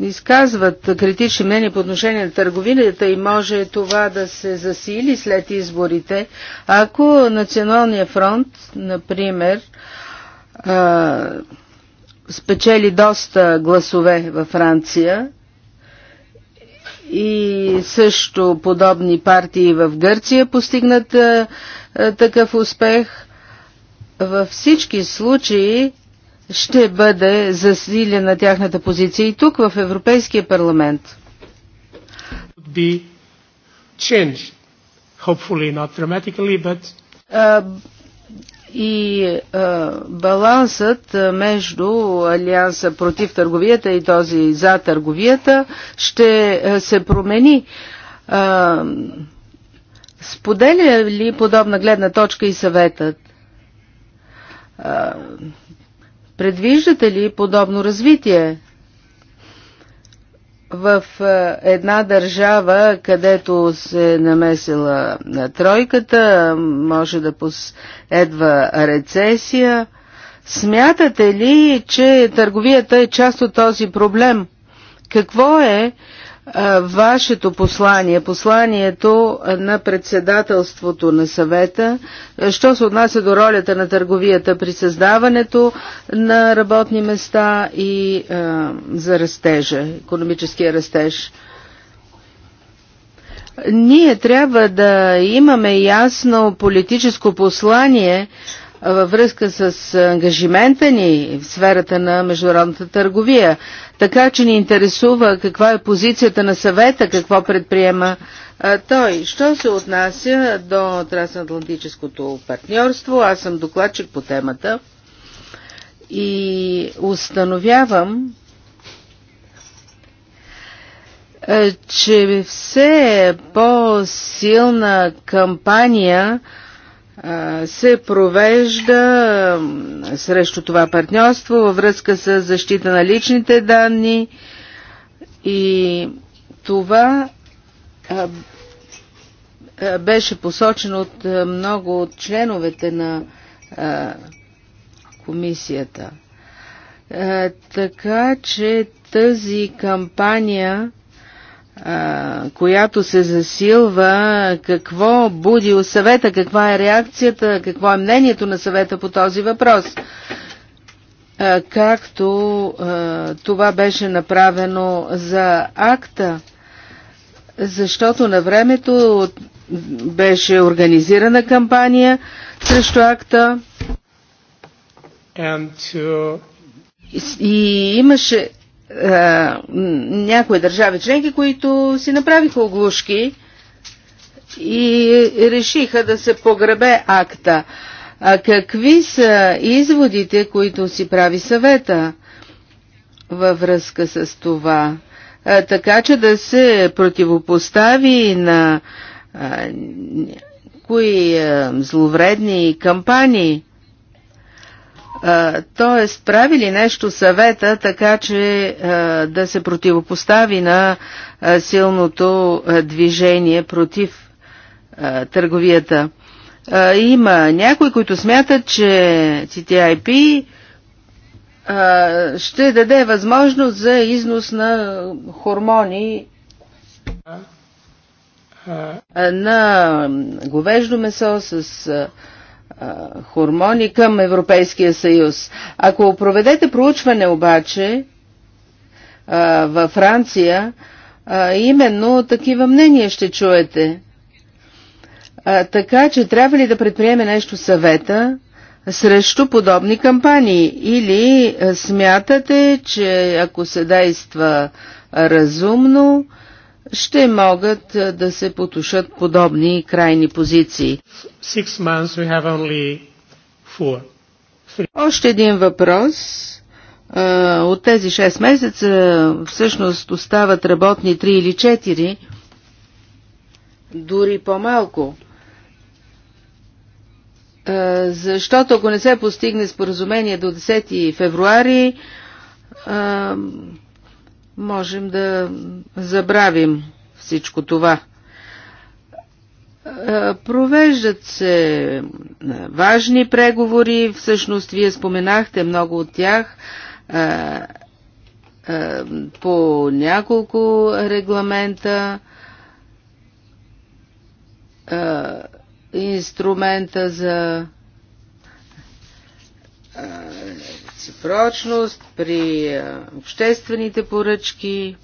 изказват критични мнения по отношение на търговията и може това да се засили след изборите, ако Националния фронт, например, е, спечели доста гласове във Франция, и също подобни партии в Гърция постигнат а, такъв успех. Във всички случаи ще бъде засилена тяхната позиция и тук в Европейския парламент. But и а, е, балансът е, между Алианса против търговията и този за търговията ще е, се промени. А, споделя ли подобна гледна точка и съветът? А, предвиждате ли подобно развитие? в е, една държава, където се е намесила е, тройката, може да последва рецесия. Смятате ли, че търговията е част от този проблем? Какво е вашето послание, посланието на председателството на съвета, що се отнася до ролята на търговията при създаването на работни места и а, за растежа, економическия растеж. Ние трябва да имаме ясно политическо послание, във връзка с ангажимента ни в сферата на международната търговия. Така че ни интересува каква е позицията на съвета, какво предприема а, той. Що се отнася до трансатлантическото партньорство, аз съм докладчик по темата и установявам, че все по-силна кампания се провежда срещу това партньорство във връзка с защита на личните данни и това беше посочено от много от членовете на комисията. Така че тази кампания която се засилва, какво буди у съвета, каква е реакцията, какво е мнението на съвета по този въпрос. Както това беше направено за акта, защото на времето беше организирана кампания срещу акта. To... И имаше е, някои държави членки, които си направиха оглушки и решиха да се погребе акта. А какви са изводите, които си прави съвета във връзка с това? А, е, така че да се противопостави на а, е, кои а, зловредни кампании – Тоест, прави ли нещо съвета, така че да се противопостави на силното движение против търговията? Има някои, които смятат, че CTIP ще даде възможност за износ на хормони на говеждо месо с хормони към Европейския съюз. Ако проведете проучване обаче а, във Франция, а, именно такива мнения ще чуете. А, така че трябва ли да предприеме нещо съвета срещу подобни кампании? Или смятате, че ако се действа разумно, а, ще могат да се потушат подобни крайни позиции. Още един въпрос. От тези 6 месеца всъщност остават работни 3 или 4, дори по-малко. Защото ако не се постигне споразумение до 10 февруари, можем да забравим всичко това. Е, провеждат се е, важни преговори, всъщност вие споменахте много от тях е, по няколко регламента, инструмента за реципрочност, при е, обществените поръчки.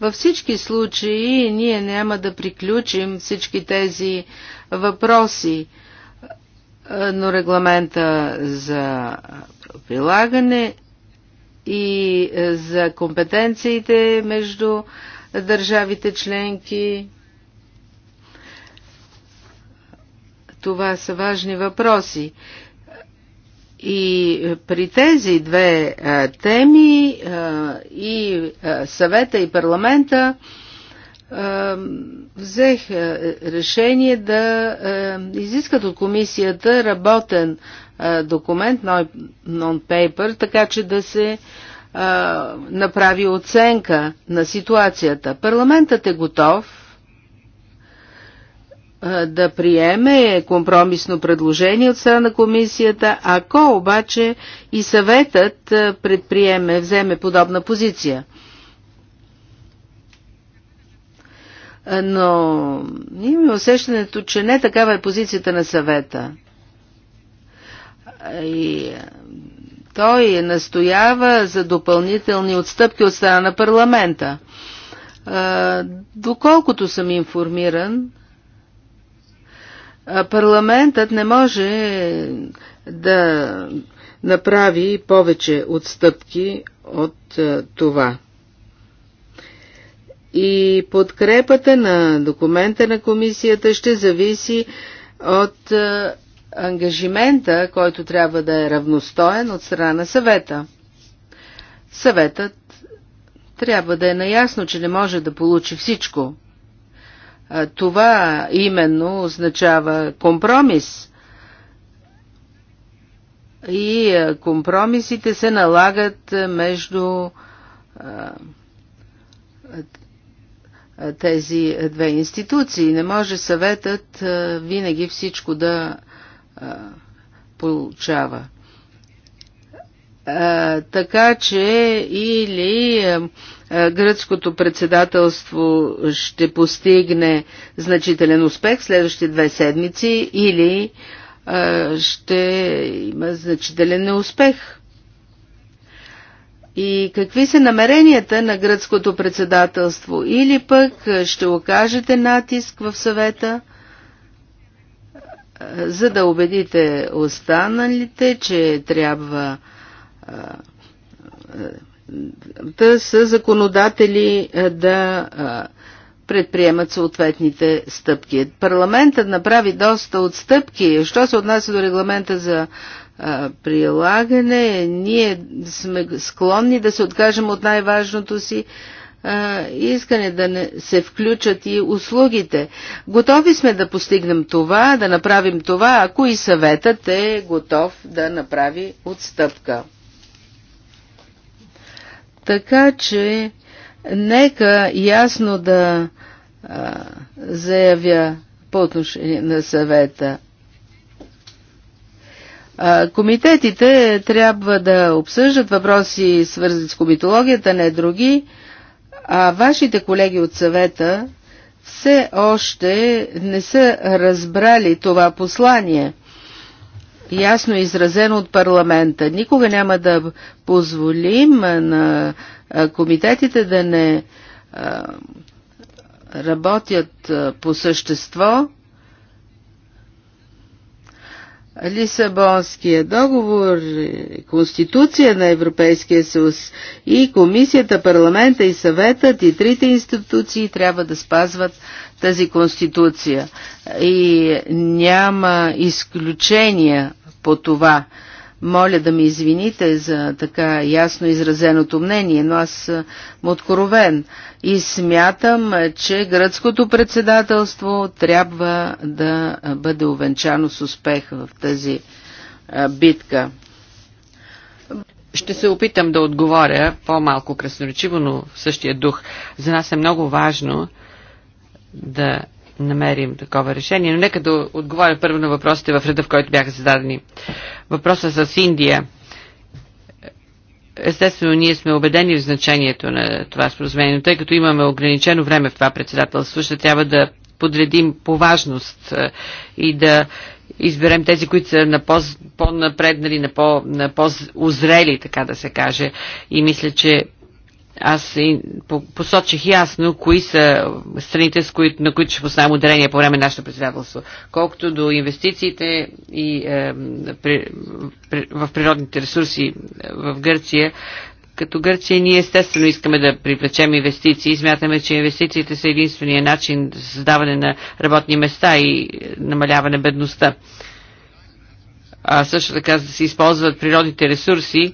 Във всички случаи ние няма да приключим всички тези въпроси, е, но регламента за прилагане и е, за компетенциите между държавите членки. Това са важни въпроси. И при тези две теми и съвета и парламента взех решение да изискат от комисията работен документ, non-paper, така че да се направи оценка на ситуацията. Парламентът е готов да приеме компромисно предложение от страна на комисията, ако обаче и съветът предприеме, вземе подобна позиция. Но имаме усещането, че не такава е позицията на съвета. И той настоява за допълнителни отстъпки от страна на парламента. Доколкото съм информиран, Парламентът не може да направи повече отстъпки от това. И подкрепата на документа на комисията ще зависи от ангажимента, който трябва да е равностоен от страна на съвета. Съветът трябва да е наясно, че не може да получи всичко – това именно означава компромис. И компромисите се налагат между тези две институции. Не може съветът винаги всичко да получава. Така че или е, гръцкото председателство ще постигне значителен успех в следващите две седмици или е, ще има значителен неуспех. И какви са намеренията на гръцкото председателство? Или пък е, ще окажете натиск в съвета, за да убедите останалите, че трябва да са законодатели е, да е, предприемат съответните стъпки. Парламентът направи доста отстъпки. Що се отнася до регламента за е, прилагане, ние сме склонни да се откажем от най-важното си искане да не се включат и услугите. Готови сме да постигнем това, да направим това, ако и съветът е готов да направи отстъпка. Така че нека ясно да а, заявя по отношение на съвета. А, комитетите трябва да обсъждат въпроси свързани с комитологията, не други, а вашите колеги от съвета все още не са разбрали това послание ясно изразено от парламента. Никога няма да позволим на комитетите да не работят по същество Лисабонския договор, Конституция на Европейския съюз и Комисията, парламента и съветът и трите институции трябва да спазват тази Конституция. И няма изключения по това. Моля да ми извините за така ясно изразеното мнение, но аз съм откровен и смятам, че гръцкото председателство трябва да бъде увенчано с успех в тази битка. Ще се опитам да отговоря по-малко красноречиво, но в същия дух. За нас е много важно да намерим такова решение. Но нека да отговоря първо на въпросите в реда, в който бяха зададени. Въпросът с Индия. Естествено, ние сме убедени в значението на това споразумение, но тъй като имаме ограничено време в това председателство, ще трябва да подредим по важност е, и да изберем тези, които са на по-напреднали, на по-озрели, така да се каже. И мисля, че аз посочих ясно кои са страните, с които, на които ще поставим ударение по време на нашето председателство. Колкото до инвестициите и е, при, при, в природните ресурси е, в Гърция, като Гърция ние естествено искаме да привлечем инвестиции. Смятаме, че инвестициите са единствения начин за създаване на работни места и е, намаляване бедността. А също така да се използват природните ресурси,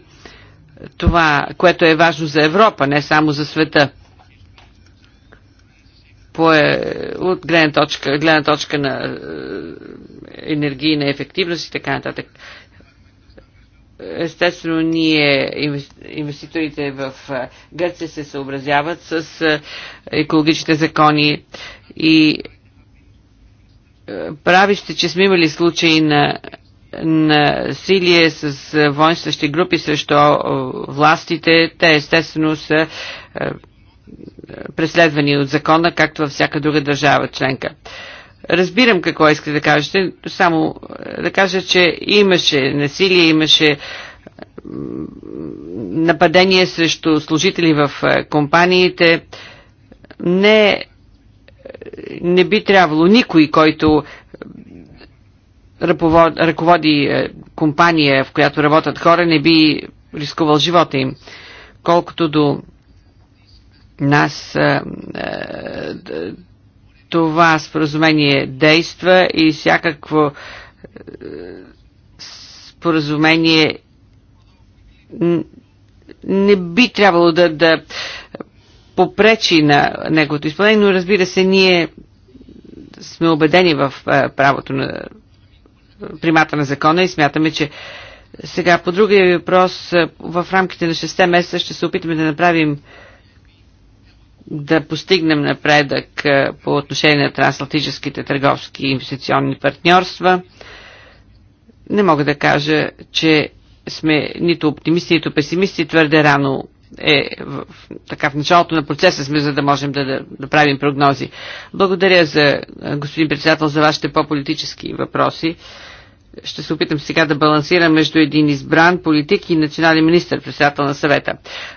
това, което е важно за Европа, не само за света. По, от гледна точка, гледна точка на е, енергийна ефективност и така нататък. Естествено, ние, инвеститорите в е, Гърция, се съобразяват с е, екологичните закони и правище, че сме имали случаи на на с воинстващи групи срещу властите, те естествено са преследвани от закона, както във всяка друга държава членка. Разбирам какво искате да кажете, само да кажа, че имаше насилие, имаше нападение срещу служители в компаниите. Не, не би трябвало никой, който ръководи е, компания, в която работят хора, не би рискувал живота им. Колкото до нас е, е, това споразумение действа и всякакво споразумение не би трябвало да, да попречи на неговото изпълнение, но разбира се, ние сме убедени в правото на примата на закона и смятаме, че сега по другия въпрос е, в рамките на 6 месеца ще се опитаме да направим да постигнем напредък е, по отношение на трансатлантическите търговски и инвестиционни партньорства. Не мога да кажа, че сме нито оптимисти, нито песимисти. Твърде рано е в, така, в началото на процеса сме, за да можем да, да, да правим прогнози. Благодаря за, господин председател, за вашите по-политически въпроси. Ще се опитам сега да балансирам между един избран политик и национален министр, председател на съвета.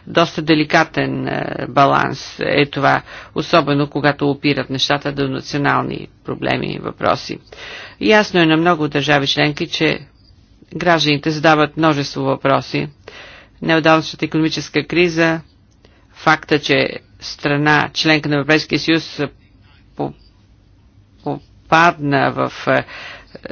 Доста деликатен баланс е това, особено когато опират нещата до национални проблеми и въпроси. Ясно е на много държави членки, че гражданите задават множество въпроси неудаващата економическа криза, факта, че страна, членка на Европейския съюз, попадна в е,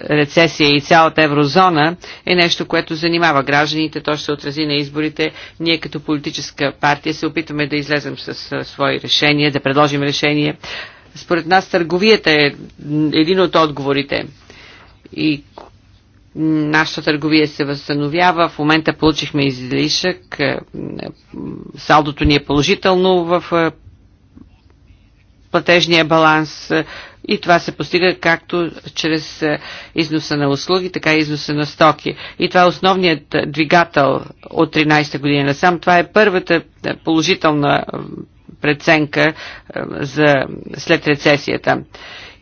рецесия и цялата еврозона е нещо, което занимава гражданите. То ще се отрази на изборите. Ние като политическа партия се опитваме да излезем с е, свои решения, да предложим решение. Според нас търговията е един от отговорите. И Нашата търговия се възстановява. В момента получихме излишък. Е, салдото ни е положително в е, платежния баланс и това се постига както чрез е, износа на услуги, така и износа на стоки. И това е основният двигател от 13-та година насам. Това е първата положителна преценка за след рецесията.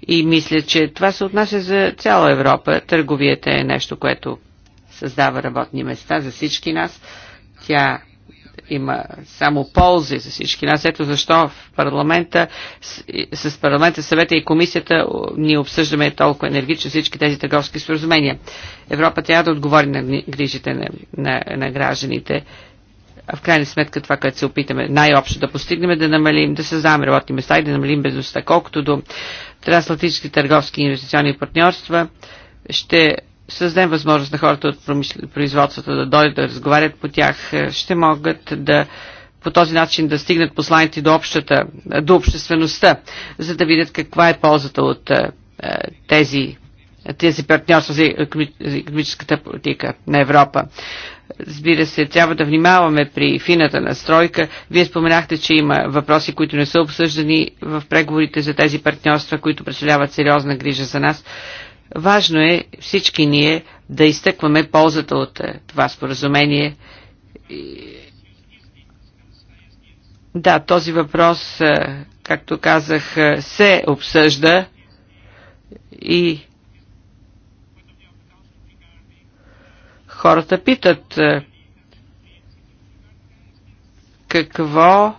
И мисля, че това се отнася за цяла Европа. Търговията е нещо, което създава работни места за всички нас. Тя има само ползи за всички нас. Ето защо в парламента, с, с парламента, съвета и комисията ние обсъждаме толкова енергично всички тези търговски споразумения. Европа трябва да отговори на грижите на, на, на гражданите. А в крайна сметка това, което се опитаме най-общо да постигнем, е да намалим, да създаваме работни места и да намалим бедността. Колкото до трансатлантически търговски и инвестиционни партньорства. Ще създадем възможност на хората от производството да дойдат да разговарят по тях. Ще могат да по този начин да стигнат посланите до, общата, до обществеността, за да видят каква е ползата от е, тези тези партньорства за економическата политика на Европа. Разбира се, трябва да внимаваме при фината настройка. Вие споменахте, че има въпроси, които не са обсъждани в преговорите за тези партньорства, които представляват сериозна грижа за нас. Важно е всички ние да изтъкваме ползата от е, това споразумение. Да, този въпрос, е, както казах, е, се обсъжда и Хората питат е, какво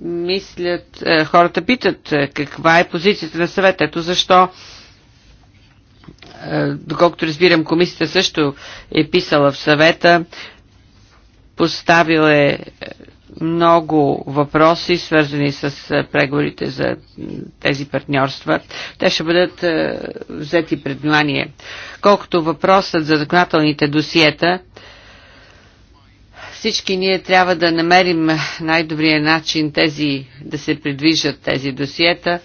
мислят, е, хората питат е, каква е позицията на съвета. Ето защо доколкото разбирам, комисията също е писала в съвета, поставила е много въпроси, свързани с е, преговорите за тези партньорства. Те ще бъдат е, взети пред внимание. Колкото въпросът за законодателните досиета, всички ние трябва да намерим най-добрия начин тези, да се придвижат тези досиета.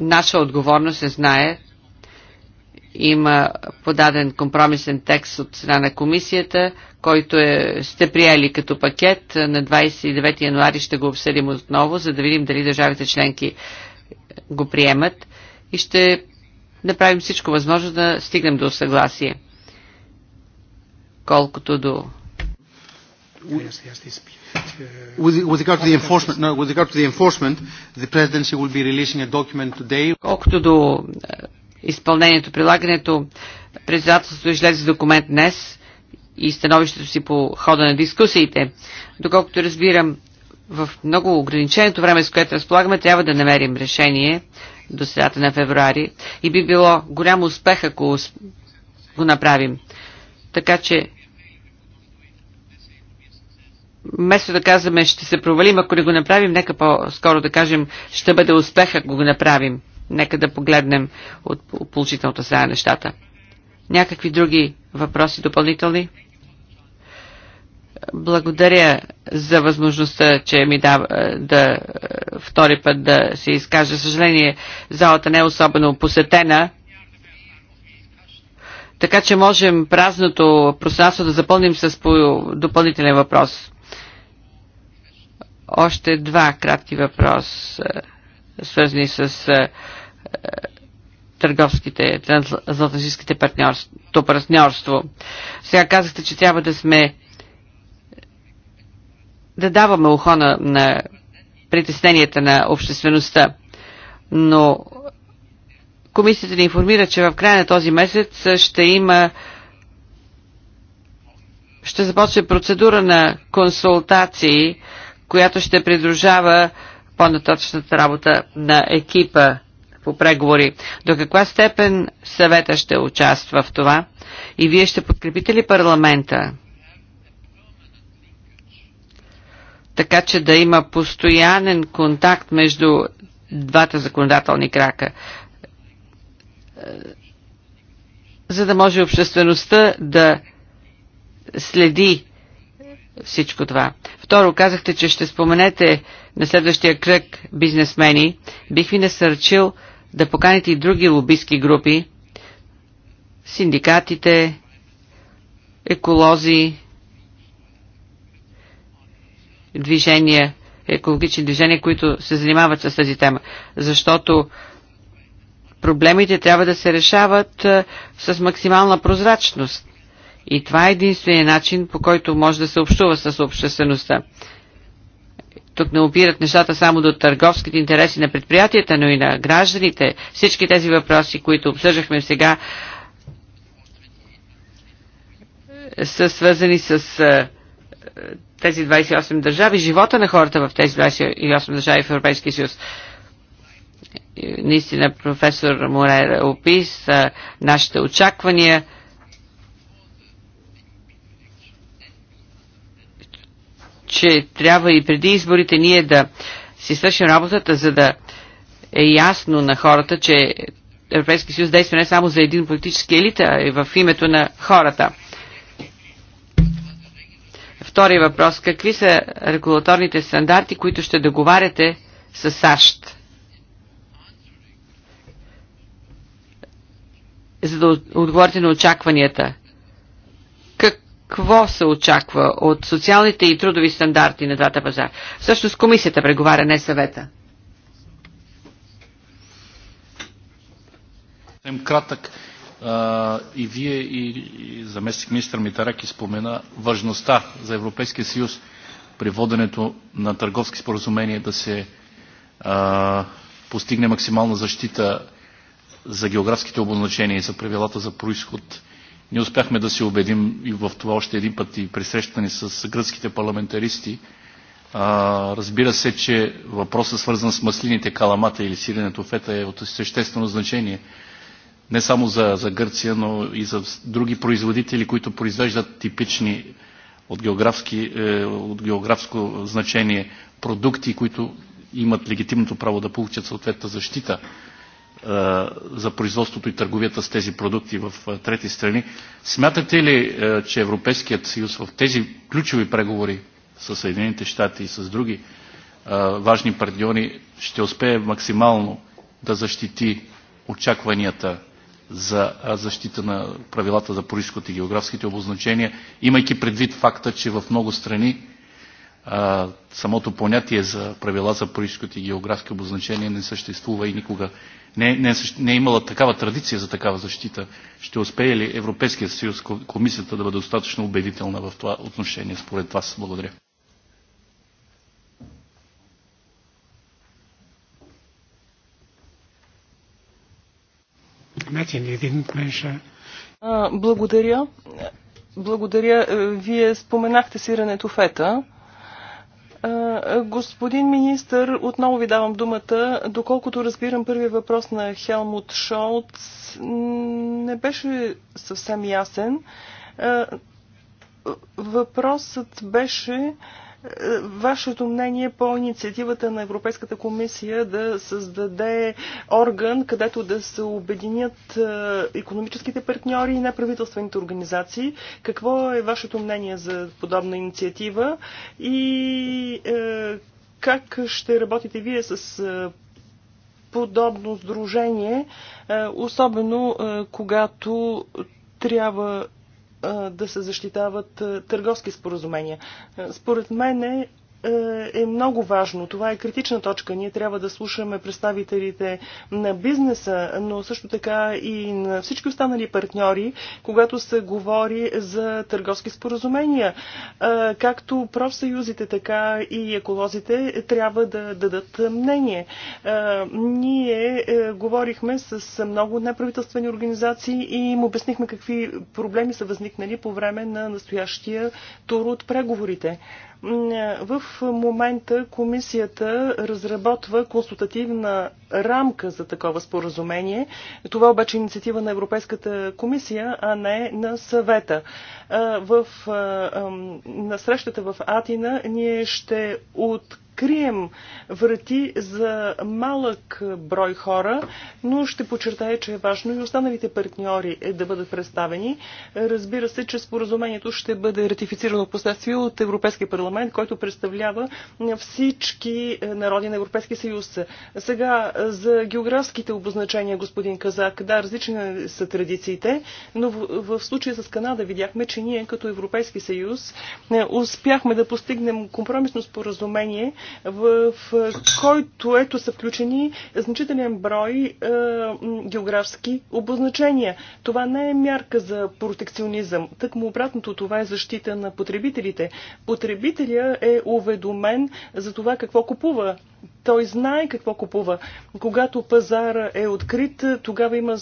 Наша отговорност се знае има подаден компромисен текст от страна на комисията, който е, сте приели като пакет. На 29 януари ще го обсъдим отново, за да видим дали държавите членки го приемат и ще направим всичко възможно да стигнем до съгласие. Колкото до Колкото до изпълнението, прилагането, председателството излезе документ днес и становището си по хода на дискусиите. Доколкото разбирам, в много ограниченото време, с което разполагаме, трябва да намерим решение до средата на февруари и би било голям успех, ако го направим. Така че, вместо да казваме ще се провалим, ако не го направим, нека по-скоро да кажем ще бъде успех, ако го направим. Нека да погледнем от положителната страна на нещата. Някакви други въпроси допълнителни? Благодаря за възможността, че ми дава е, да е, втори път да се изкажа. Съжаление, залата не е особено посетена, така че можем празното пространство да запълним с допълнителен въпрос. Още два кратки въпроса, е, свързани с е, търговските, трансатлантическите партньорство, партньорство. Сега казахте, че трябва да сме да даваме ухо на, на притесненията на обществеността. Но комисията ни информира, че в края на този месец ще има ще започне процедура на консултации, която ще придружава по-нататъчната работа на екипа по преговори. До каква степен съвета ще участва в това? И вие ще подкрепите ли парламента? Така че да има постоянен контакт между двата законодателни крака е, за да може обществеността да следи всичко това. Второ, казахте, че ще споменете на следващия кръг бизнесмени. Бих ви насърчил да поканите и други лобистки групи, синдикатите, еколози, движения, екологични движения, които се занимават с тази тема. Защото проблемите трябва да се решават с максимална прозрачност. И това е единствения начин, по който може да се общува с обществеността тук не опират нещата само до търговските интереси на предприятията, но и на гражданите. Всички тези въпроси, които обсъждахме сега, са свързани с е, е, тези 28 държави, живота на хората в тези 28 държави в Европейския съюз. Е, наистина професор Морера опис нашите очаквания – че трябва и преди изборите ние да си свършим работата, за да е ясно на хората, че Европейски съюз действа не само за един политически елит, а и в името на хората. Втори въпрос. Какви са регулаторните стандарти, които ще договаряте с САЩ? За да отговорите на очакванията какво се очаква от социалните и трудови стандарти на двата пазара. Всъщност комисията преговаря, не съвета. кратък а, и вие и, и заместник министр Митараки спомена важността за Европейския съюз при воденето на търговски споразумения да се а, постигне максимална защита за географските обозначения и за правилата за происход ние успяхме да се убедим и в това още един път и при с гръцките парламентаристи. А, разбира се, че въпросът свързан с маслините, каламата или сиренето фета е от съществено значение не само за, за Гърция, но и за други производители, които произвеждат типични от, е, от географско значение продукти, които имат легитимното право да получат съответна защита е, за производството и търговията с тези продукти в е, трети страни. Смятате ли, е, че Европейският съюз в тези ключови преговори с Съединените щати и с други важни партньори ще успее максимално да защити очакванията за защита на правилата за происход и географските обозначения, имайки предвид факта, че в много страни самото понятие за правила за происход и географски обозначения не съществува и никога не, не, не е имала такава традиция за такава защита. Ще успее ли Европейския съюз, комисията да бъде достатъчно убедителна в това отношение според вас? Благодаря. Благодаря. Благодаря. Вие споменахте сирането фета. Господин министр, отново ви давам думата. Доколкото разбирам, първият въпрос на Хелмут Шолц не беше съвсем ясен. Е, въпросът беше вашето мнение е по инициативата на Европейската комисия да създаде орган, където да се обединят економическите партньори и неправителствените организации. Какво е вашето мнение за подобна инициатива и е, как ще работите вие с е, подобно сдружение, особено когато трябва да се защитават търговски споразумения. Според мен е е, е много важно. Това е критична точка. Ние трябва да слушаме представителите на бизнеса, но също така и на всички останали партньори, когато се говори за търговски споразумения. Е, както профсъюзите, така и еколозите трябва да дадат мнение. Е, ние говорихме с много неправителствени организации и им обяснихме какви проблеми са възникнали по време на настоящия тур от преговорите. В момента комисията разработва консултативна рамка за такова споразумение. Това обаче е инициатива на Европейската комисия, а не на съвета. В, на срещата в Атина ние ще откриваме открием врати за малък брой хора, но ще подчертая, че е важно и останалите партньори е да бъдат представени. Разбира се, че споразумението ще бъде ратифицирано в последствие от Европейския парламент, който представлява всички народи на Европейския съюз. Сега за географските обозначения, господин Казак, да, различни са традициите, но в, в случая с Канада видяхме, че ние като Европейски съюз е, успяхме да постигнем компромисно споразумение, в който ето са включени значителен брой е, географски обозначения. Това не е мярка за протекционизъм. Тъкмо обратното, това е защита на потребителите. Потребителя е уведомен за това какво купува. Той знае какво купува. Когато пазара е открит, е, тогава има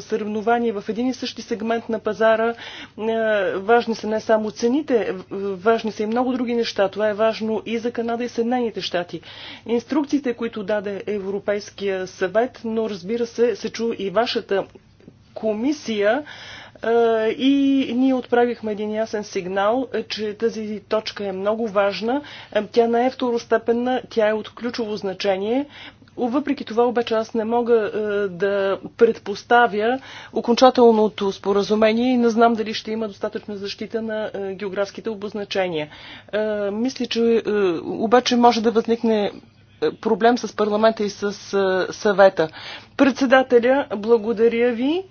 съревнование в един и същи сегмент на пазара. Е, важни са не само цените, важни са и много други неща. Това е важно и за Канада и Съединените щати. Инструкциите, които даде Европейския съвет, но разбира се, се чу и вашата комисия е, и ние отправихме един ясен сигнал, е, че тази точка е много важна. Тя не е второстепенна, тя е от ключово значение. Въпреки това обаче аз не мога е, да предпоставя окончателното споразумение и не знам дали ще има достатъчна защита на е, географските обозначения. Е, мисля, че е, обаче може да възникне е, проблем с парламента и с е, съвета. Председателя, благодаря ви.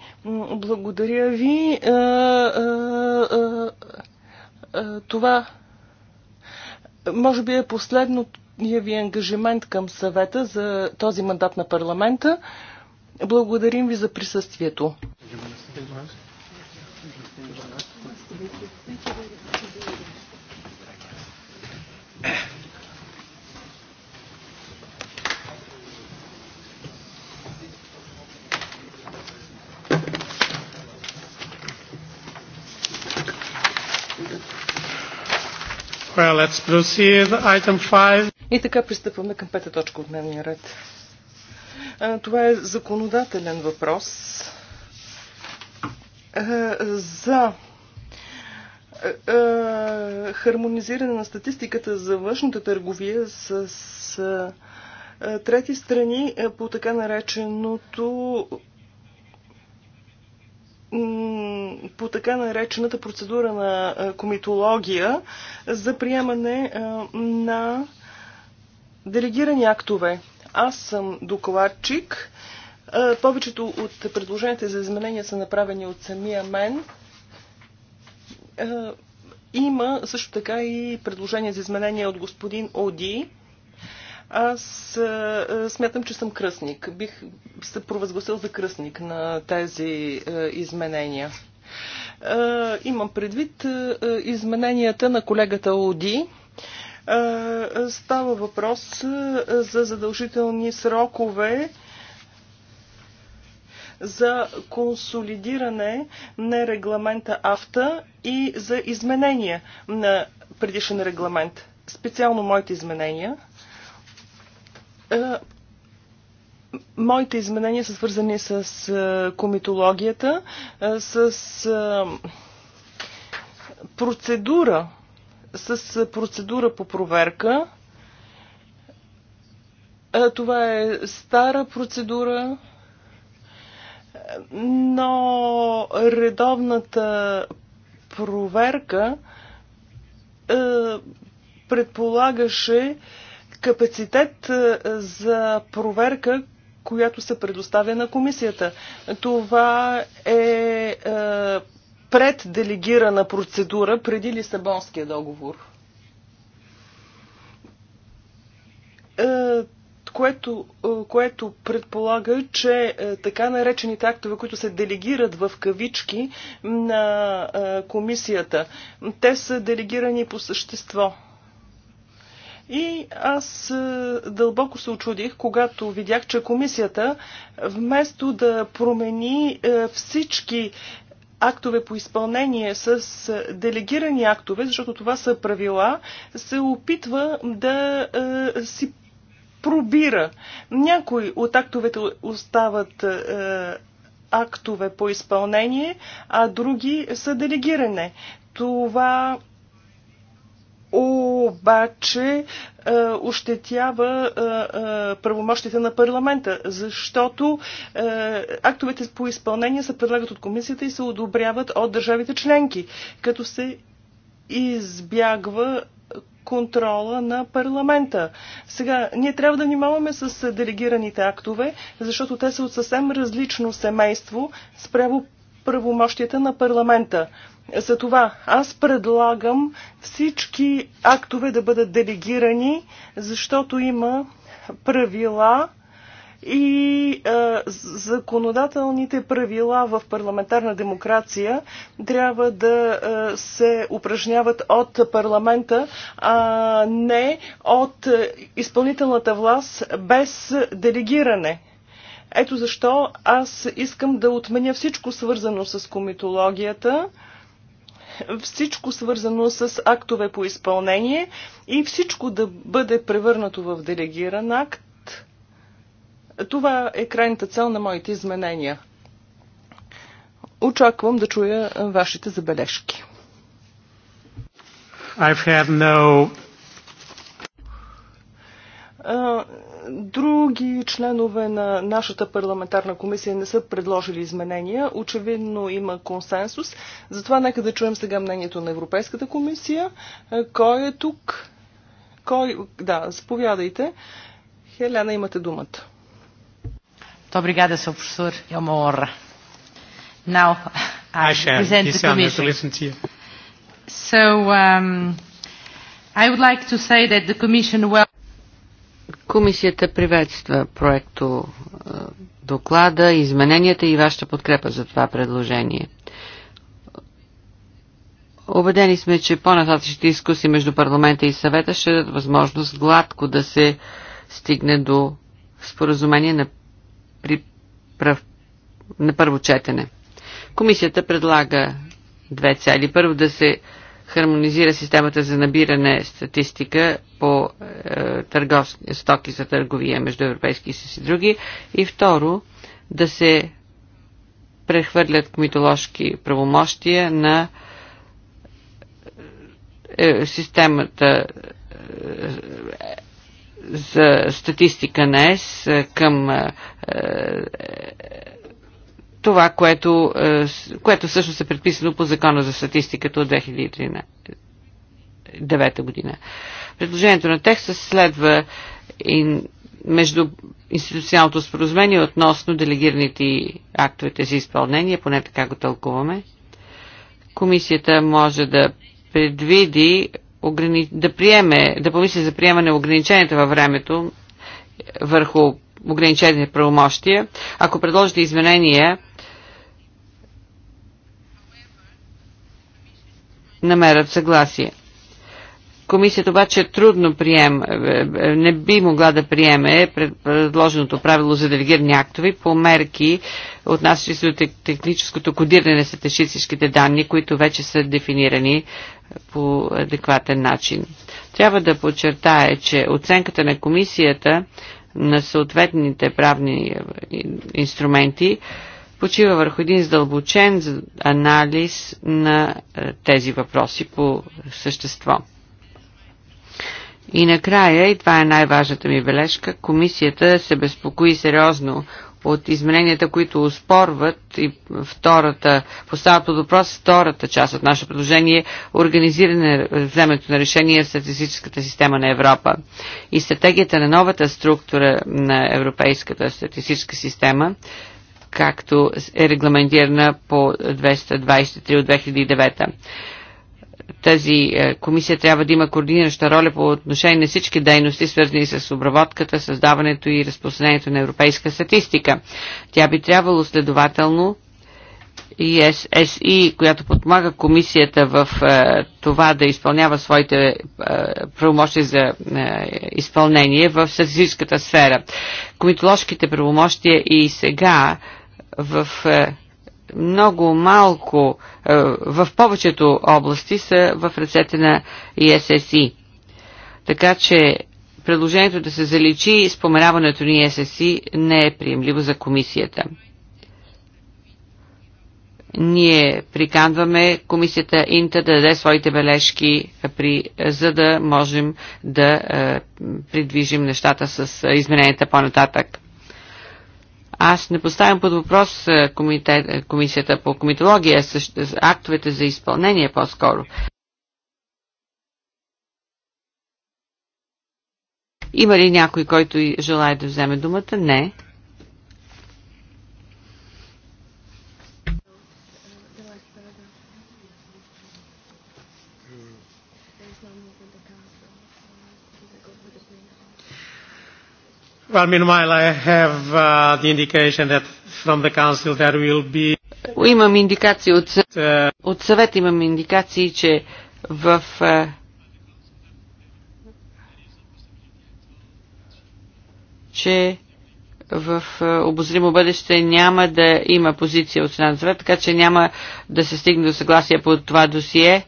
Благодаря ви. Е, е, е, е, това може би е последното ви е ангажимент към съвета за този мандат на парламента. Благодарим ви за присъствието. Well, let's proceed. Item 5. И така пристъпваме към пета точка от дневния ред. Това е законодателен въпрос за хармонизиране на статистиката за външната търговия с трети страни по така нареченото по така наречената процедура на комитология за приемане на Делегирани актове. Аз съм докладчик. Е, повечето от предложенията за изменения са направени от самия мен. Е, има също така и предложения за изменения от господин Оди. Аз е, смятам, че съм кръстник. Бих се провъзгласил за кръстник на тези изменения. имам предвид измененията на колегата Оди е, става въпрос е, за задължителни срокове за консолидиране на регламента АФТА и за изменения на предишен регламент. Специално моите изменения. Е, моите изменения са свързани с комитологията, с процедура с процедура по проверка. Е, това е стара процедура, но редовната проверка е, предполагаше капацитет е, за проверка, която се предоставя на комисията. Това е, е пред делегирана процедура преди Лисабонския договор. Е, което, е, което предполага, че е, така наречените актове, които се делегират в кавички на комисията, те са делегирани по същество. И аз дълбоко се очудих, когато видях, че комисията, вместо да промени всички актове по изпълнение с делегирани актове, защото това са правила, се опитва да е, си пробира. Някои от актовете остават е, актове по изпълнение, а други са делегиране. Това обаче е, ощетява е, е, правомощите на парламента, защото актовете по изпълнение се предлагат от комисията и се одобряват от държавите членки, като се избягва контрола на парламента. Сега, ние трябва да внимаваме с делегираните актове, защото те са от съвсем различно семейство спрямо правомощията на парламента. Затова аз предлагам всички актове да бъдат делегирани, защото има правила и е, законодателните правила в парламентарна демокрация трябва да е, се упражняват от парламента, а не от изпълнителната власт без делегиране. Ето защо аз искам да отменя всичко свързано с комитологията, всичко свързано с актове по изпълнение и всичко да бъде превърнато в делегиран акт. Това е крайната цел на моите изменения. Очаквам да чуя е, вашите забележки. I've had no... Други членове на нашата парламентарна комисия не са предложили изменения. Очевидно има консенсус. Затова нека да чуем сега мнението на Европейската комисия. Е, кой е тук? Кой... Да, заповядайте. Хелена, имате думата. Добре, Sr. Professor. É uma honra. Now, I, I present the Commission. To listen to you. So, um, I would like to say that the Commission... Well... Комисията приветства проекто е, доклада, измененията и вашата подкрепа за това предложение. Обедени сме, че по-нататъчните дискусии между парламента и съвета ще дадат възможност гладко да се стигне до споразумение на, при, прав, на първо четене. Комисията предлага две цели. Първо да се хармонизира системата за набиране статистика по е, търгов, стоки за търговия между Европейски съюз и други. И второ, да се прехвърлят комитоложки правомощия на е, системата е, за статистика на ЕС е, към това, което, което всъщност е предписано по закона за статистиката от 2013, 2009 година. Предложението на текста следва и между институционалното споразумение относно делегираните актовете за изпълнение, поне така го тълкуваме. Комисията може да предвиди да приеме, да помисли за приемане ограниченията във времето върху ограничените правомощия. Ако предложите изменения, намерят съгласие. Комисията обаче трудно прием, е, е, е, не би могла да приеме предложеното правило за делегирани актови по мерки, отнасящи се до техническото кодиране на статистическите данни, които вече са дефинирани по адекватен начин. Трябва да подчертая, че оценката на комисията на съответните правни инструменти почива върху един задълбочен анализ на тези въпроси по същество. И накрая, и това е най-важната ми бележка, комисията се безпокои сериозно от измененията, които успорват и втората, поставят под въпрос втората част от наше предложение организиране вземето на решение в статистическата система на Европа. И стратегията на новата структура на Европейската статистическа система както е регламентирана по 223 от 2009 тази е, комисия трябва да има координираща роля по отношение на всички дейности, свързани с обработката, създаването и разпространението на европейска статистика. Тя би трябвало следователно и ССИ, която подмага комисията в е, това да изпълнява своите е, правомощи за е, изпълнение в статистическата сфера. Комитоложките правомощия и сега в е, много малко е, в повечето области са в ръцете на ИССИ. Така че предложението да се заличи споменаването на ИССИ не е приемливо за комисията. Ние приканваме комисията Инта да даде своите бележки, при, за да можем да е, придвижим нещата с е, измененията по-нататък. Аз не поставям под въпрос е, комитет, е, комисията по комитология, също, е, актовете за изпълнение по-скоро. Има ли някой, който желая да вземе думата? Не. meanwhile, I have uh, the indication that from the council there will be... Имам индикации от, е, от съвет, имам индикации, че в е, че в е, обозримо бъдеще няма да има позиция от страна съвет, така че няма да се стигне до съгласие по това досие.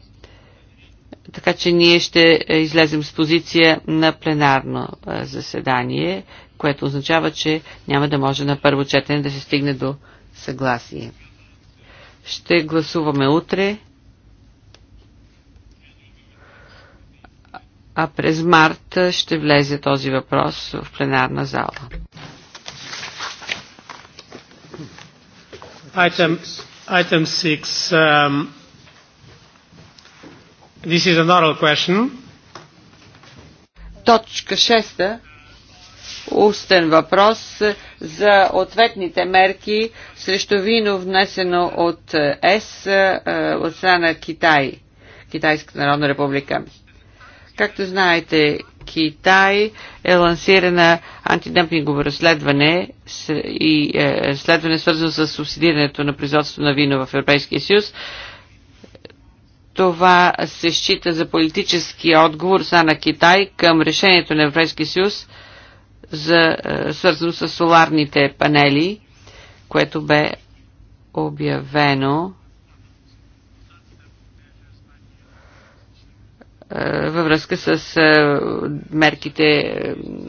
Така че ние ще излезем с позиция на пленарно заседание което означава, че няма да може на първо четене да се стигне до съгласие. Ще гласуваме утре, а през март ще влезе този въпрос в пленарна зала. Item, item six, um, this is an question. Точка 6 устен въпрос за ответните мерки срещу вино внесено от ЕС е, от страна на Китай, Китайската народна република. Както знаете, Китай е лансирана антидъмпингово разследване и е, разследване свързано с субсидирането на производството на вино в Европейския съюз. Това се счита за политически отговор са на Китай към решението на Европейския съюз за, е, свързано с соларните панели, което бе обявено е, във връзка с е, мерките,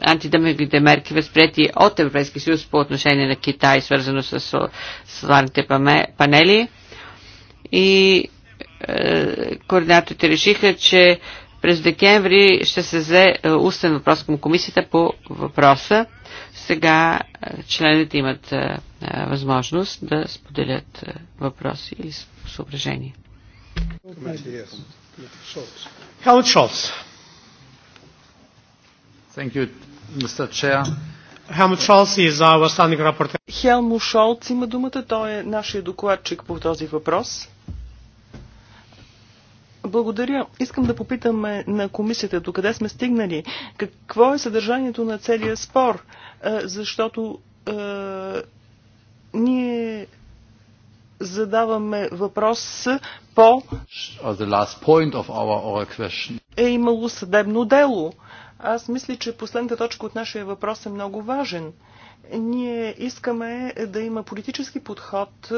антидъмиглите мерки, възприяти от Европейския съюз по отношение на Китай, свързано с соларните панели. И координаторите решиха, че през декември ще се взе е, устен въпрос към комисията по въпроса. Сега е, члените имат е, възможност да споделят въпроси или съображения. Helmut Шолц. Thank you, Mr. Chair. Helmut Scholz is our standing rapporteur. Шолц има думата. Той е нашия докладчик по този въпрос. Благодаря. Искам да попитаме на комисията до къде сме стигнали. Какво е съдържанието на целия спор? Е, защото е, ние задаваме въпрос по е имало съдебно дело. Аз мисля, че последната точка от нашия въпрос е много важен. Ние искаме да има политически подход,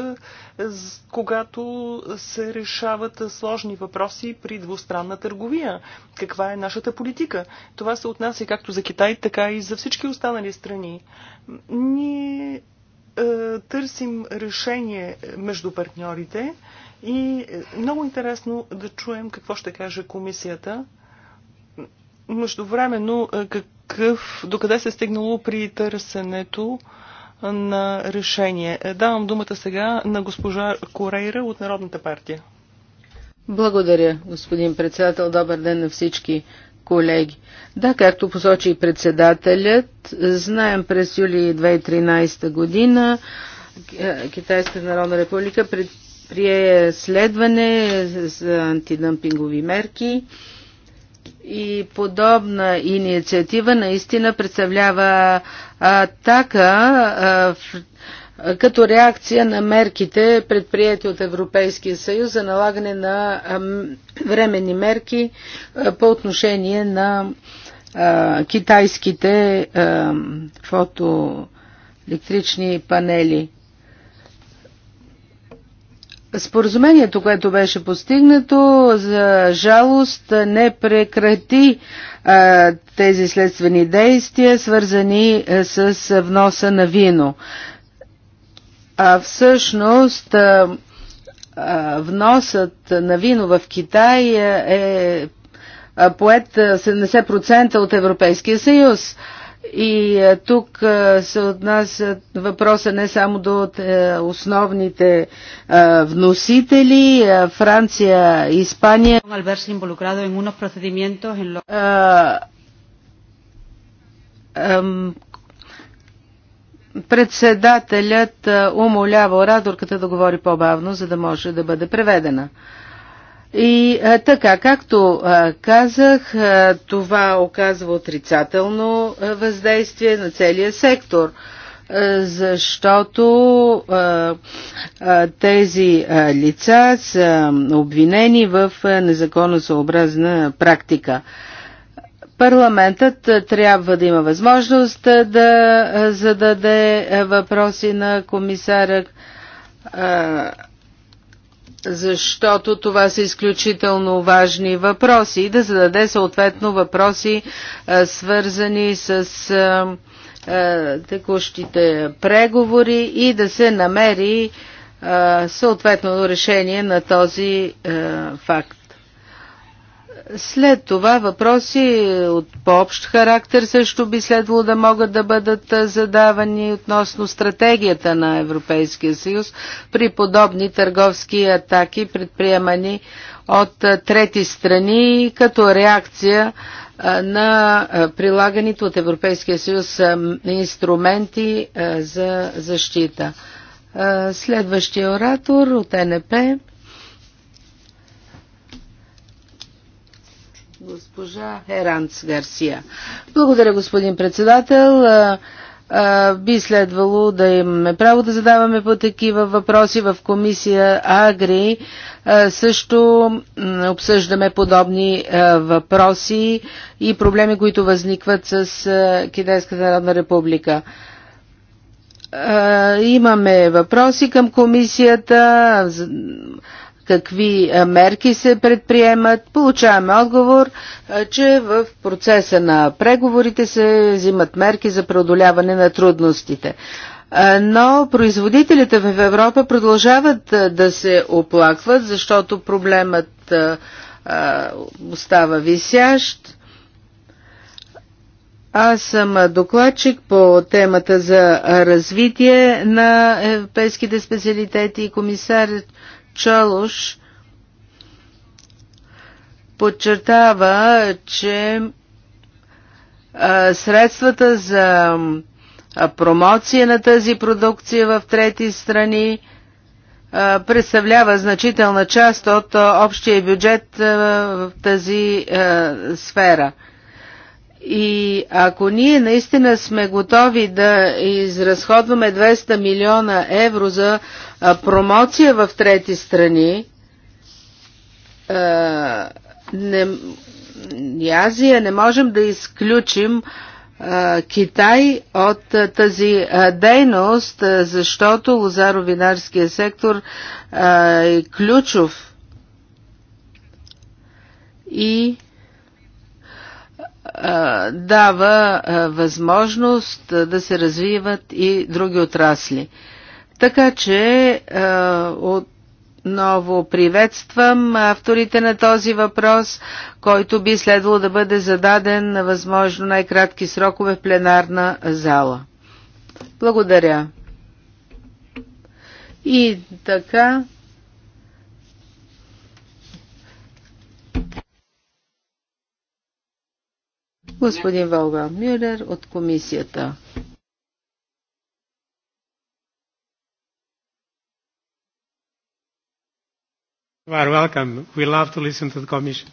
е, когато се решават сложни въпроси при двустранна търговия. Каква е нашата политика? Това се отнася както за Китай, така и за всички останали страни. Ние е, търсим решение между партньорите и много интересно да чуем какво ще каже комисията. Междувременно, е, как, какъв, докъде се е стигнало при търсенето на решение. Е, давам думата сега на госпожа Корейра от Народната партия. Благодаря, господин председател. Добър ден на всички колеги. Да, както посочи и председателят, знаем през юли 2013 година е, Китайска народна република предприе следване за антидъмпингови мерки и подобна инициатива наистина представлява атака като реакция на мерките, предприяти от Европейския съюз за налагане на временни мерки по отношение на китайските фотоелектрични панели. Споразумението, което беше постигнато, за жалост не прекрати а, тези следствени действия, свързани а, с вноса на вино. А всъщност а, а, вносът на вино в Китай е, е поет 70% от Европейския съюз. И е, тук е, се отнася въпроса не само до е, основните вносители, Франция, Испания. Председателят умолява ораторката да говори по-бавно, за да може да бъде преведена. И а, така, както а, казах, а, това оказва отрицателно а, въздействие на целия сектор, а, защото а, а, тези а, лица са обвинени в а, незаконосъобразна практика. Парламентът трябва да има възможност да зададе въпроси на комисаря защото това са изключително важни въпроси и да зададе съответно въпроси, е, свързани с е, е, текущите преговори и да се намери съответно решение на този факт. След това въпроси от по-общ характер също би следвало да могат да бъдат задавани относно стратегията на Европейския съюз при подобни търговски атаки, предприемани от трети страни като реакция на прилаганите от Европейския съюз инструменти за защита. Следващия оратор от НП. Госпожа Херанц Гарсия. Благодаря, господин председател. Би следвало да имаме право да задаваме по такива въпроси в комисия Агри. Също обсъждаме подобни въпроси и проблеми, които възникват с Китайската народна република имаме въпроси към комисията какви е, мерки се предприемат. Получаваме отговор, е, че в процеса на преговорите се взимат мерки за преодоляване на трудностите. Е, но производителите в Европа продължават да се оплакват, защото проблемът остава висящ. Аз съм докладчик по темата за развитие на европейските специалитети и комисарят Чалош подчертава, че средствата за промоция на тази продукция в трети страни представлява значителна част от общия бюджет в тази сфера. И ако ние наистина сме готови да изразходваме 200 милиона евро за промоция в трети страни, не, и Азия не можем да изключим Китай от тази дейност, защото лозаровинарския сектор е ключов и дава възможност да се развиват и други отрасли. Така че отново приветствам авторите на този въпрос, който би следвало да бъде зададен на възможно най-кратки срокове в пленарна зала. Благодаря. И така господин Волга Мюлер от комисията. You are welcome. We love to listen to the commission.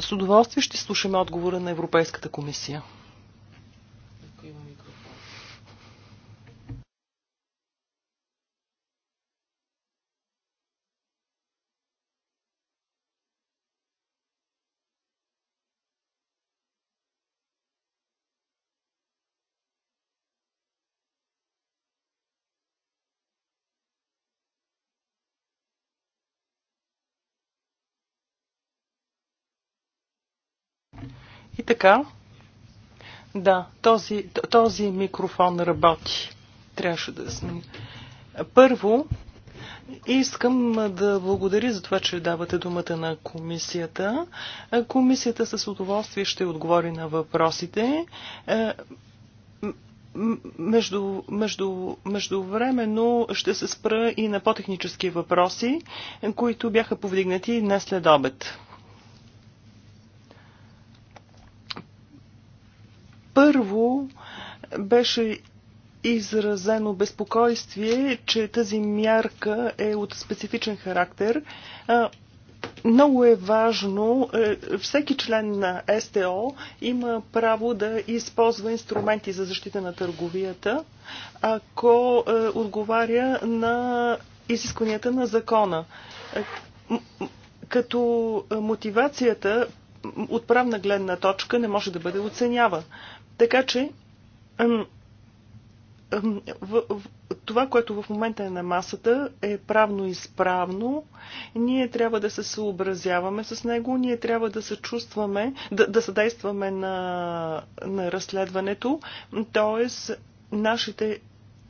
С удоволствие ще слушаме отговора на Европейската комисия. И така, да, този, този микрофон работи. Трябваше да сме. Първо, Искам да благодаря за това, че давате думата на комисията. Комисията с удоволствие ще отговори на въпросите. Е, между, между, междувременно ще се спра и на по-технически въпроси, които бяха повдигнати днес след обед. Първо беше изразено безпокойствие, че тази мярка е от специфичен характер. Много е важно, е, всеки член на СТО има право да използва инструменти за защита на търговията, ако е, отговаря на изискванията на закона. Е, като мотивацията от правна гледна точка не може да бъде оценява. Така че това, което в момента е на масата, е правно изправно. Ние трябва да се съобразяваме с него, ние трябва да се чувстваме, да, да съдействаме на, на разследването, т.е. нашите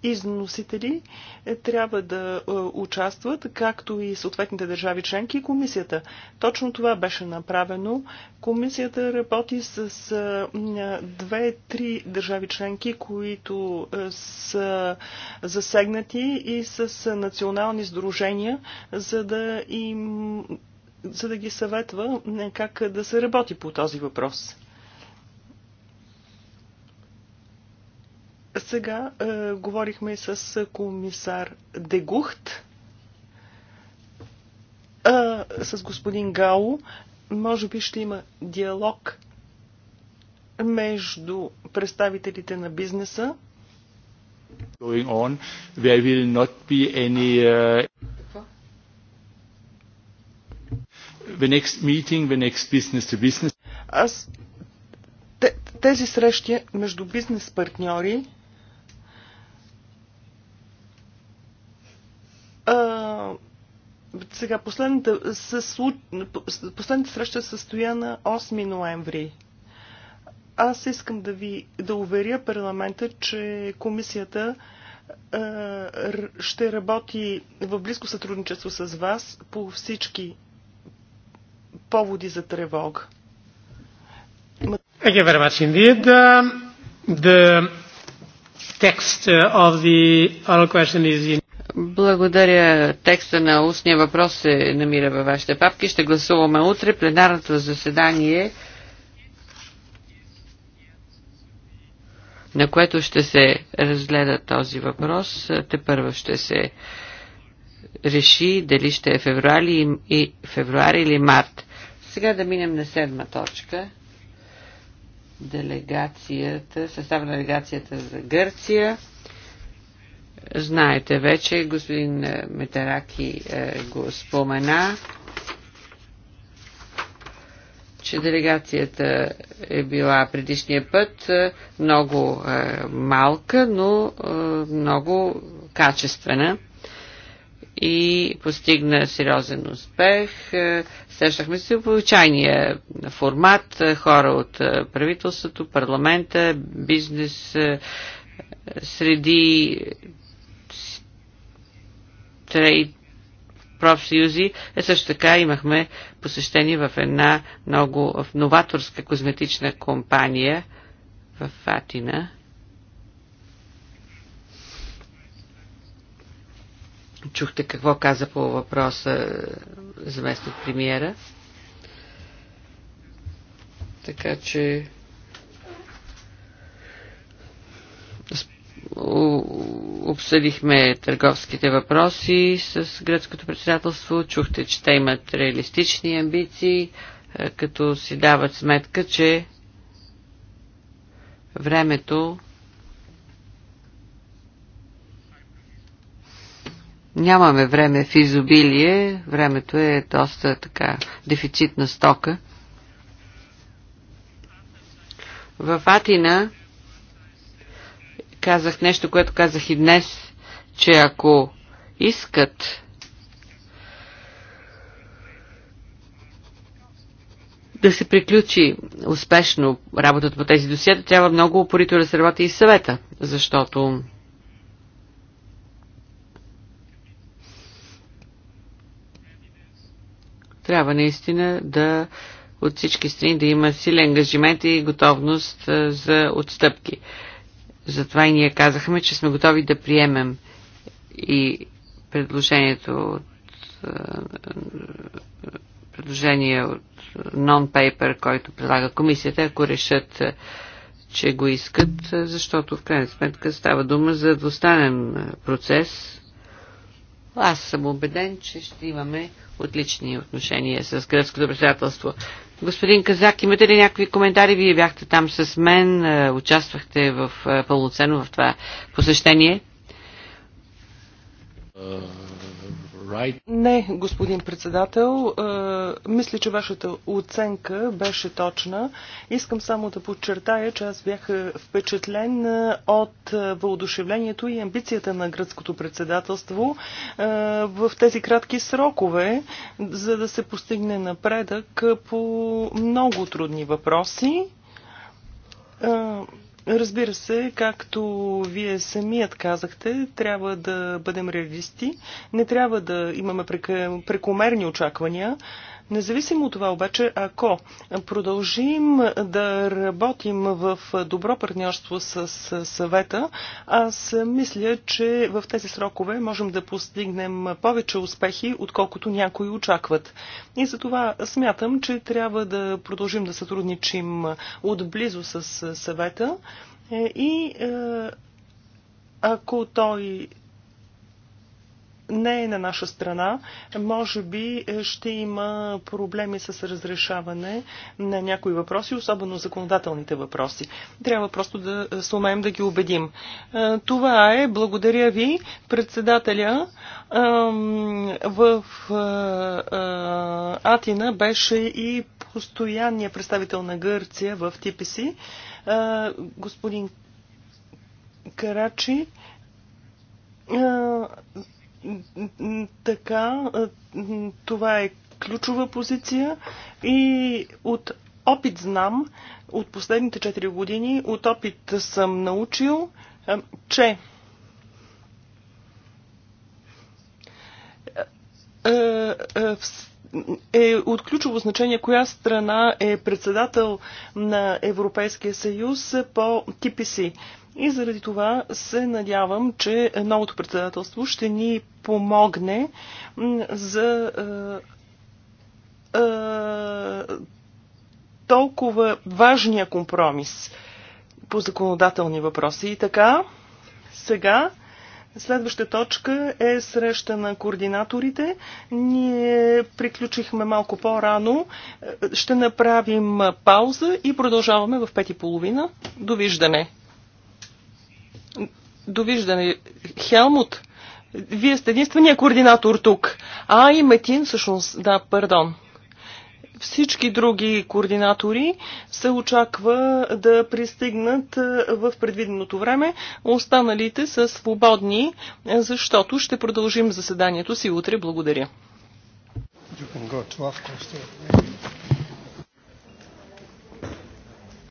износители е, трябва да е, участват, както и съответните държави членки и комисията. Точно това беше направено. Комисията работи с е, две-три държави членки, които са засегнати и с национални сдружения, за да им за да ги съветва как да се работи по този въпрос. Сега е, говорихме с комисар Дегухт, е, с господин Гао. Може би ще има диалог между представителите на бизнеса. Going on, there will not be any, uh, the next meeting, the next business to business. Аз тези срещи между бизнес партньори Сега, последната, със, последната среща е състоя на 8 ноември. Аз искам да ви да уверя парламента, че комисията ще работи в близко сътрудничество с вас по всички поводи за тревога. Thank you very much indeed. Um, the text uh, of the oral question is in благодаря. Текста на устния въпрос се намира във вашите папки. Ще гласуваме утре. Пленарното заседание, на което ще се разгледа този въпрос, те първо ще се реши дали ще е февруари, и, февруари или март. Сега да минем на седма точка. Делегацията, състав на делегацията за Гърция. Знаете вече, господин е, Метараки е, го спомена, че делегацията е била предишния път е, много малка, но много качествена и постигна сериозен успех. Срещахме се в обичайния формат, хора от правителството, парламента, бизнес, среди трейд профсъюзи. Е също така имахме посещение в една много в новаторска козметична компания в Атина. Чухте какво каза по въпроса заместник премиера. Така че обсъдихме търговските въпроси с гръцкото председателство. Чухте, че те имат реалистични амбиции, е, като си дават сметка, че времето нямаме време в изобилие, времето е доста така дефицитна стока. В Атина казах нещо, което казах и днес, че ако искат да се приключи успешно работата по тези досиета, трябва много опорито да се работи и съвета, защото трябва наистина да от всички страни да има силен ангажимент и готовност за отстъпки. Затова и ние казахме, че сме готови да приемем и предложението от е, предложение от нон-пейпер, който предлага комисията, ако решат, е, че го искат, е, защото в крайна сметка става дума за двустранен процес. Аз съм убеден, че ще имаме отлични отношения с гръцкото председателство. Господин Казак, имате ли някакви коментари? Вие бяхте там с мен, е, участвахте в, е, пълноценно в това посещение. Е, right. Не, господин председател. Е, мисля, че вашата оценка беше точна. Искам само да подчертая, че аз бях впечатлен е, от въодушевлението и амбицията на гръцкото председателство е, в тези кратки срокове, за да се постигне напредък по много трудни въпроси. Разбира се, както вие самият казахте, трябва да бъдем реалисти. Не трябва да имаме прекомерни очаквания. Независимо от това обаче, ако продължим да работим в добро партньорство с съвета, аз мисля, че в тези срокове можем да постигнем повече успехи, отколкото някои очакват. И за това смятам, че трябва да продължим да сътрудничим отблизо с съвета е, и е, ако той не е на наша страна. Може би е, ще има проблеми с разрешаване на някои въпроси, особено законодателните въпроси. Трябва просто да е, сумеем да ги убедим. Е, това е. Благодаря ви, председателя. В Атина беше и постоянният представител на Гърция в ТПС, господин Карачи така, това е ключова позиция и от опит знам, от последните 4 години, от опит съм научил, че е от ключово значение коя страна е председател на Европейския съюз по ТПС. И заради това се надявам, че новото председателство ще ни помогне за а, е, а, е, толкова важния компромис по законодателни въпроси. И така, сега Следваща точка е среща на координаторите. Ние приключихме малко по-рано. Е, ще направим пауза и продължаваме в пет и половина. Довиждане! Довиждане. Хелмут, вие сте единствения координатор тук. А и Метин, всъщност, да, пардон. Всички други координатори се очаква да пристигнат в предвиденото време. Останалите са свободни, защото ще продължим заседанието си утре. Благодаря. You can go to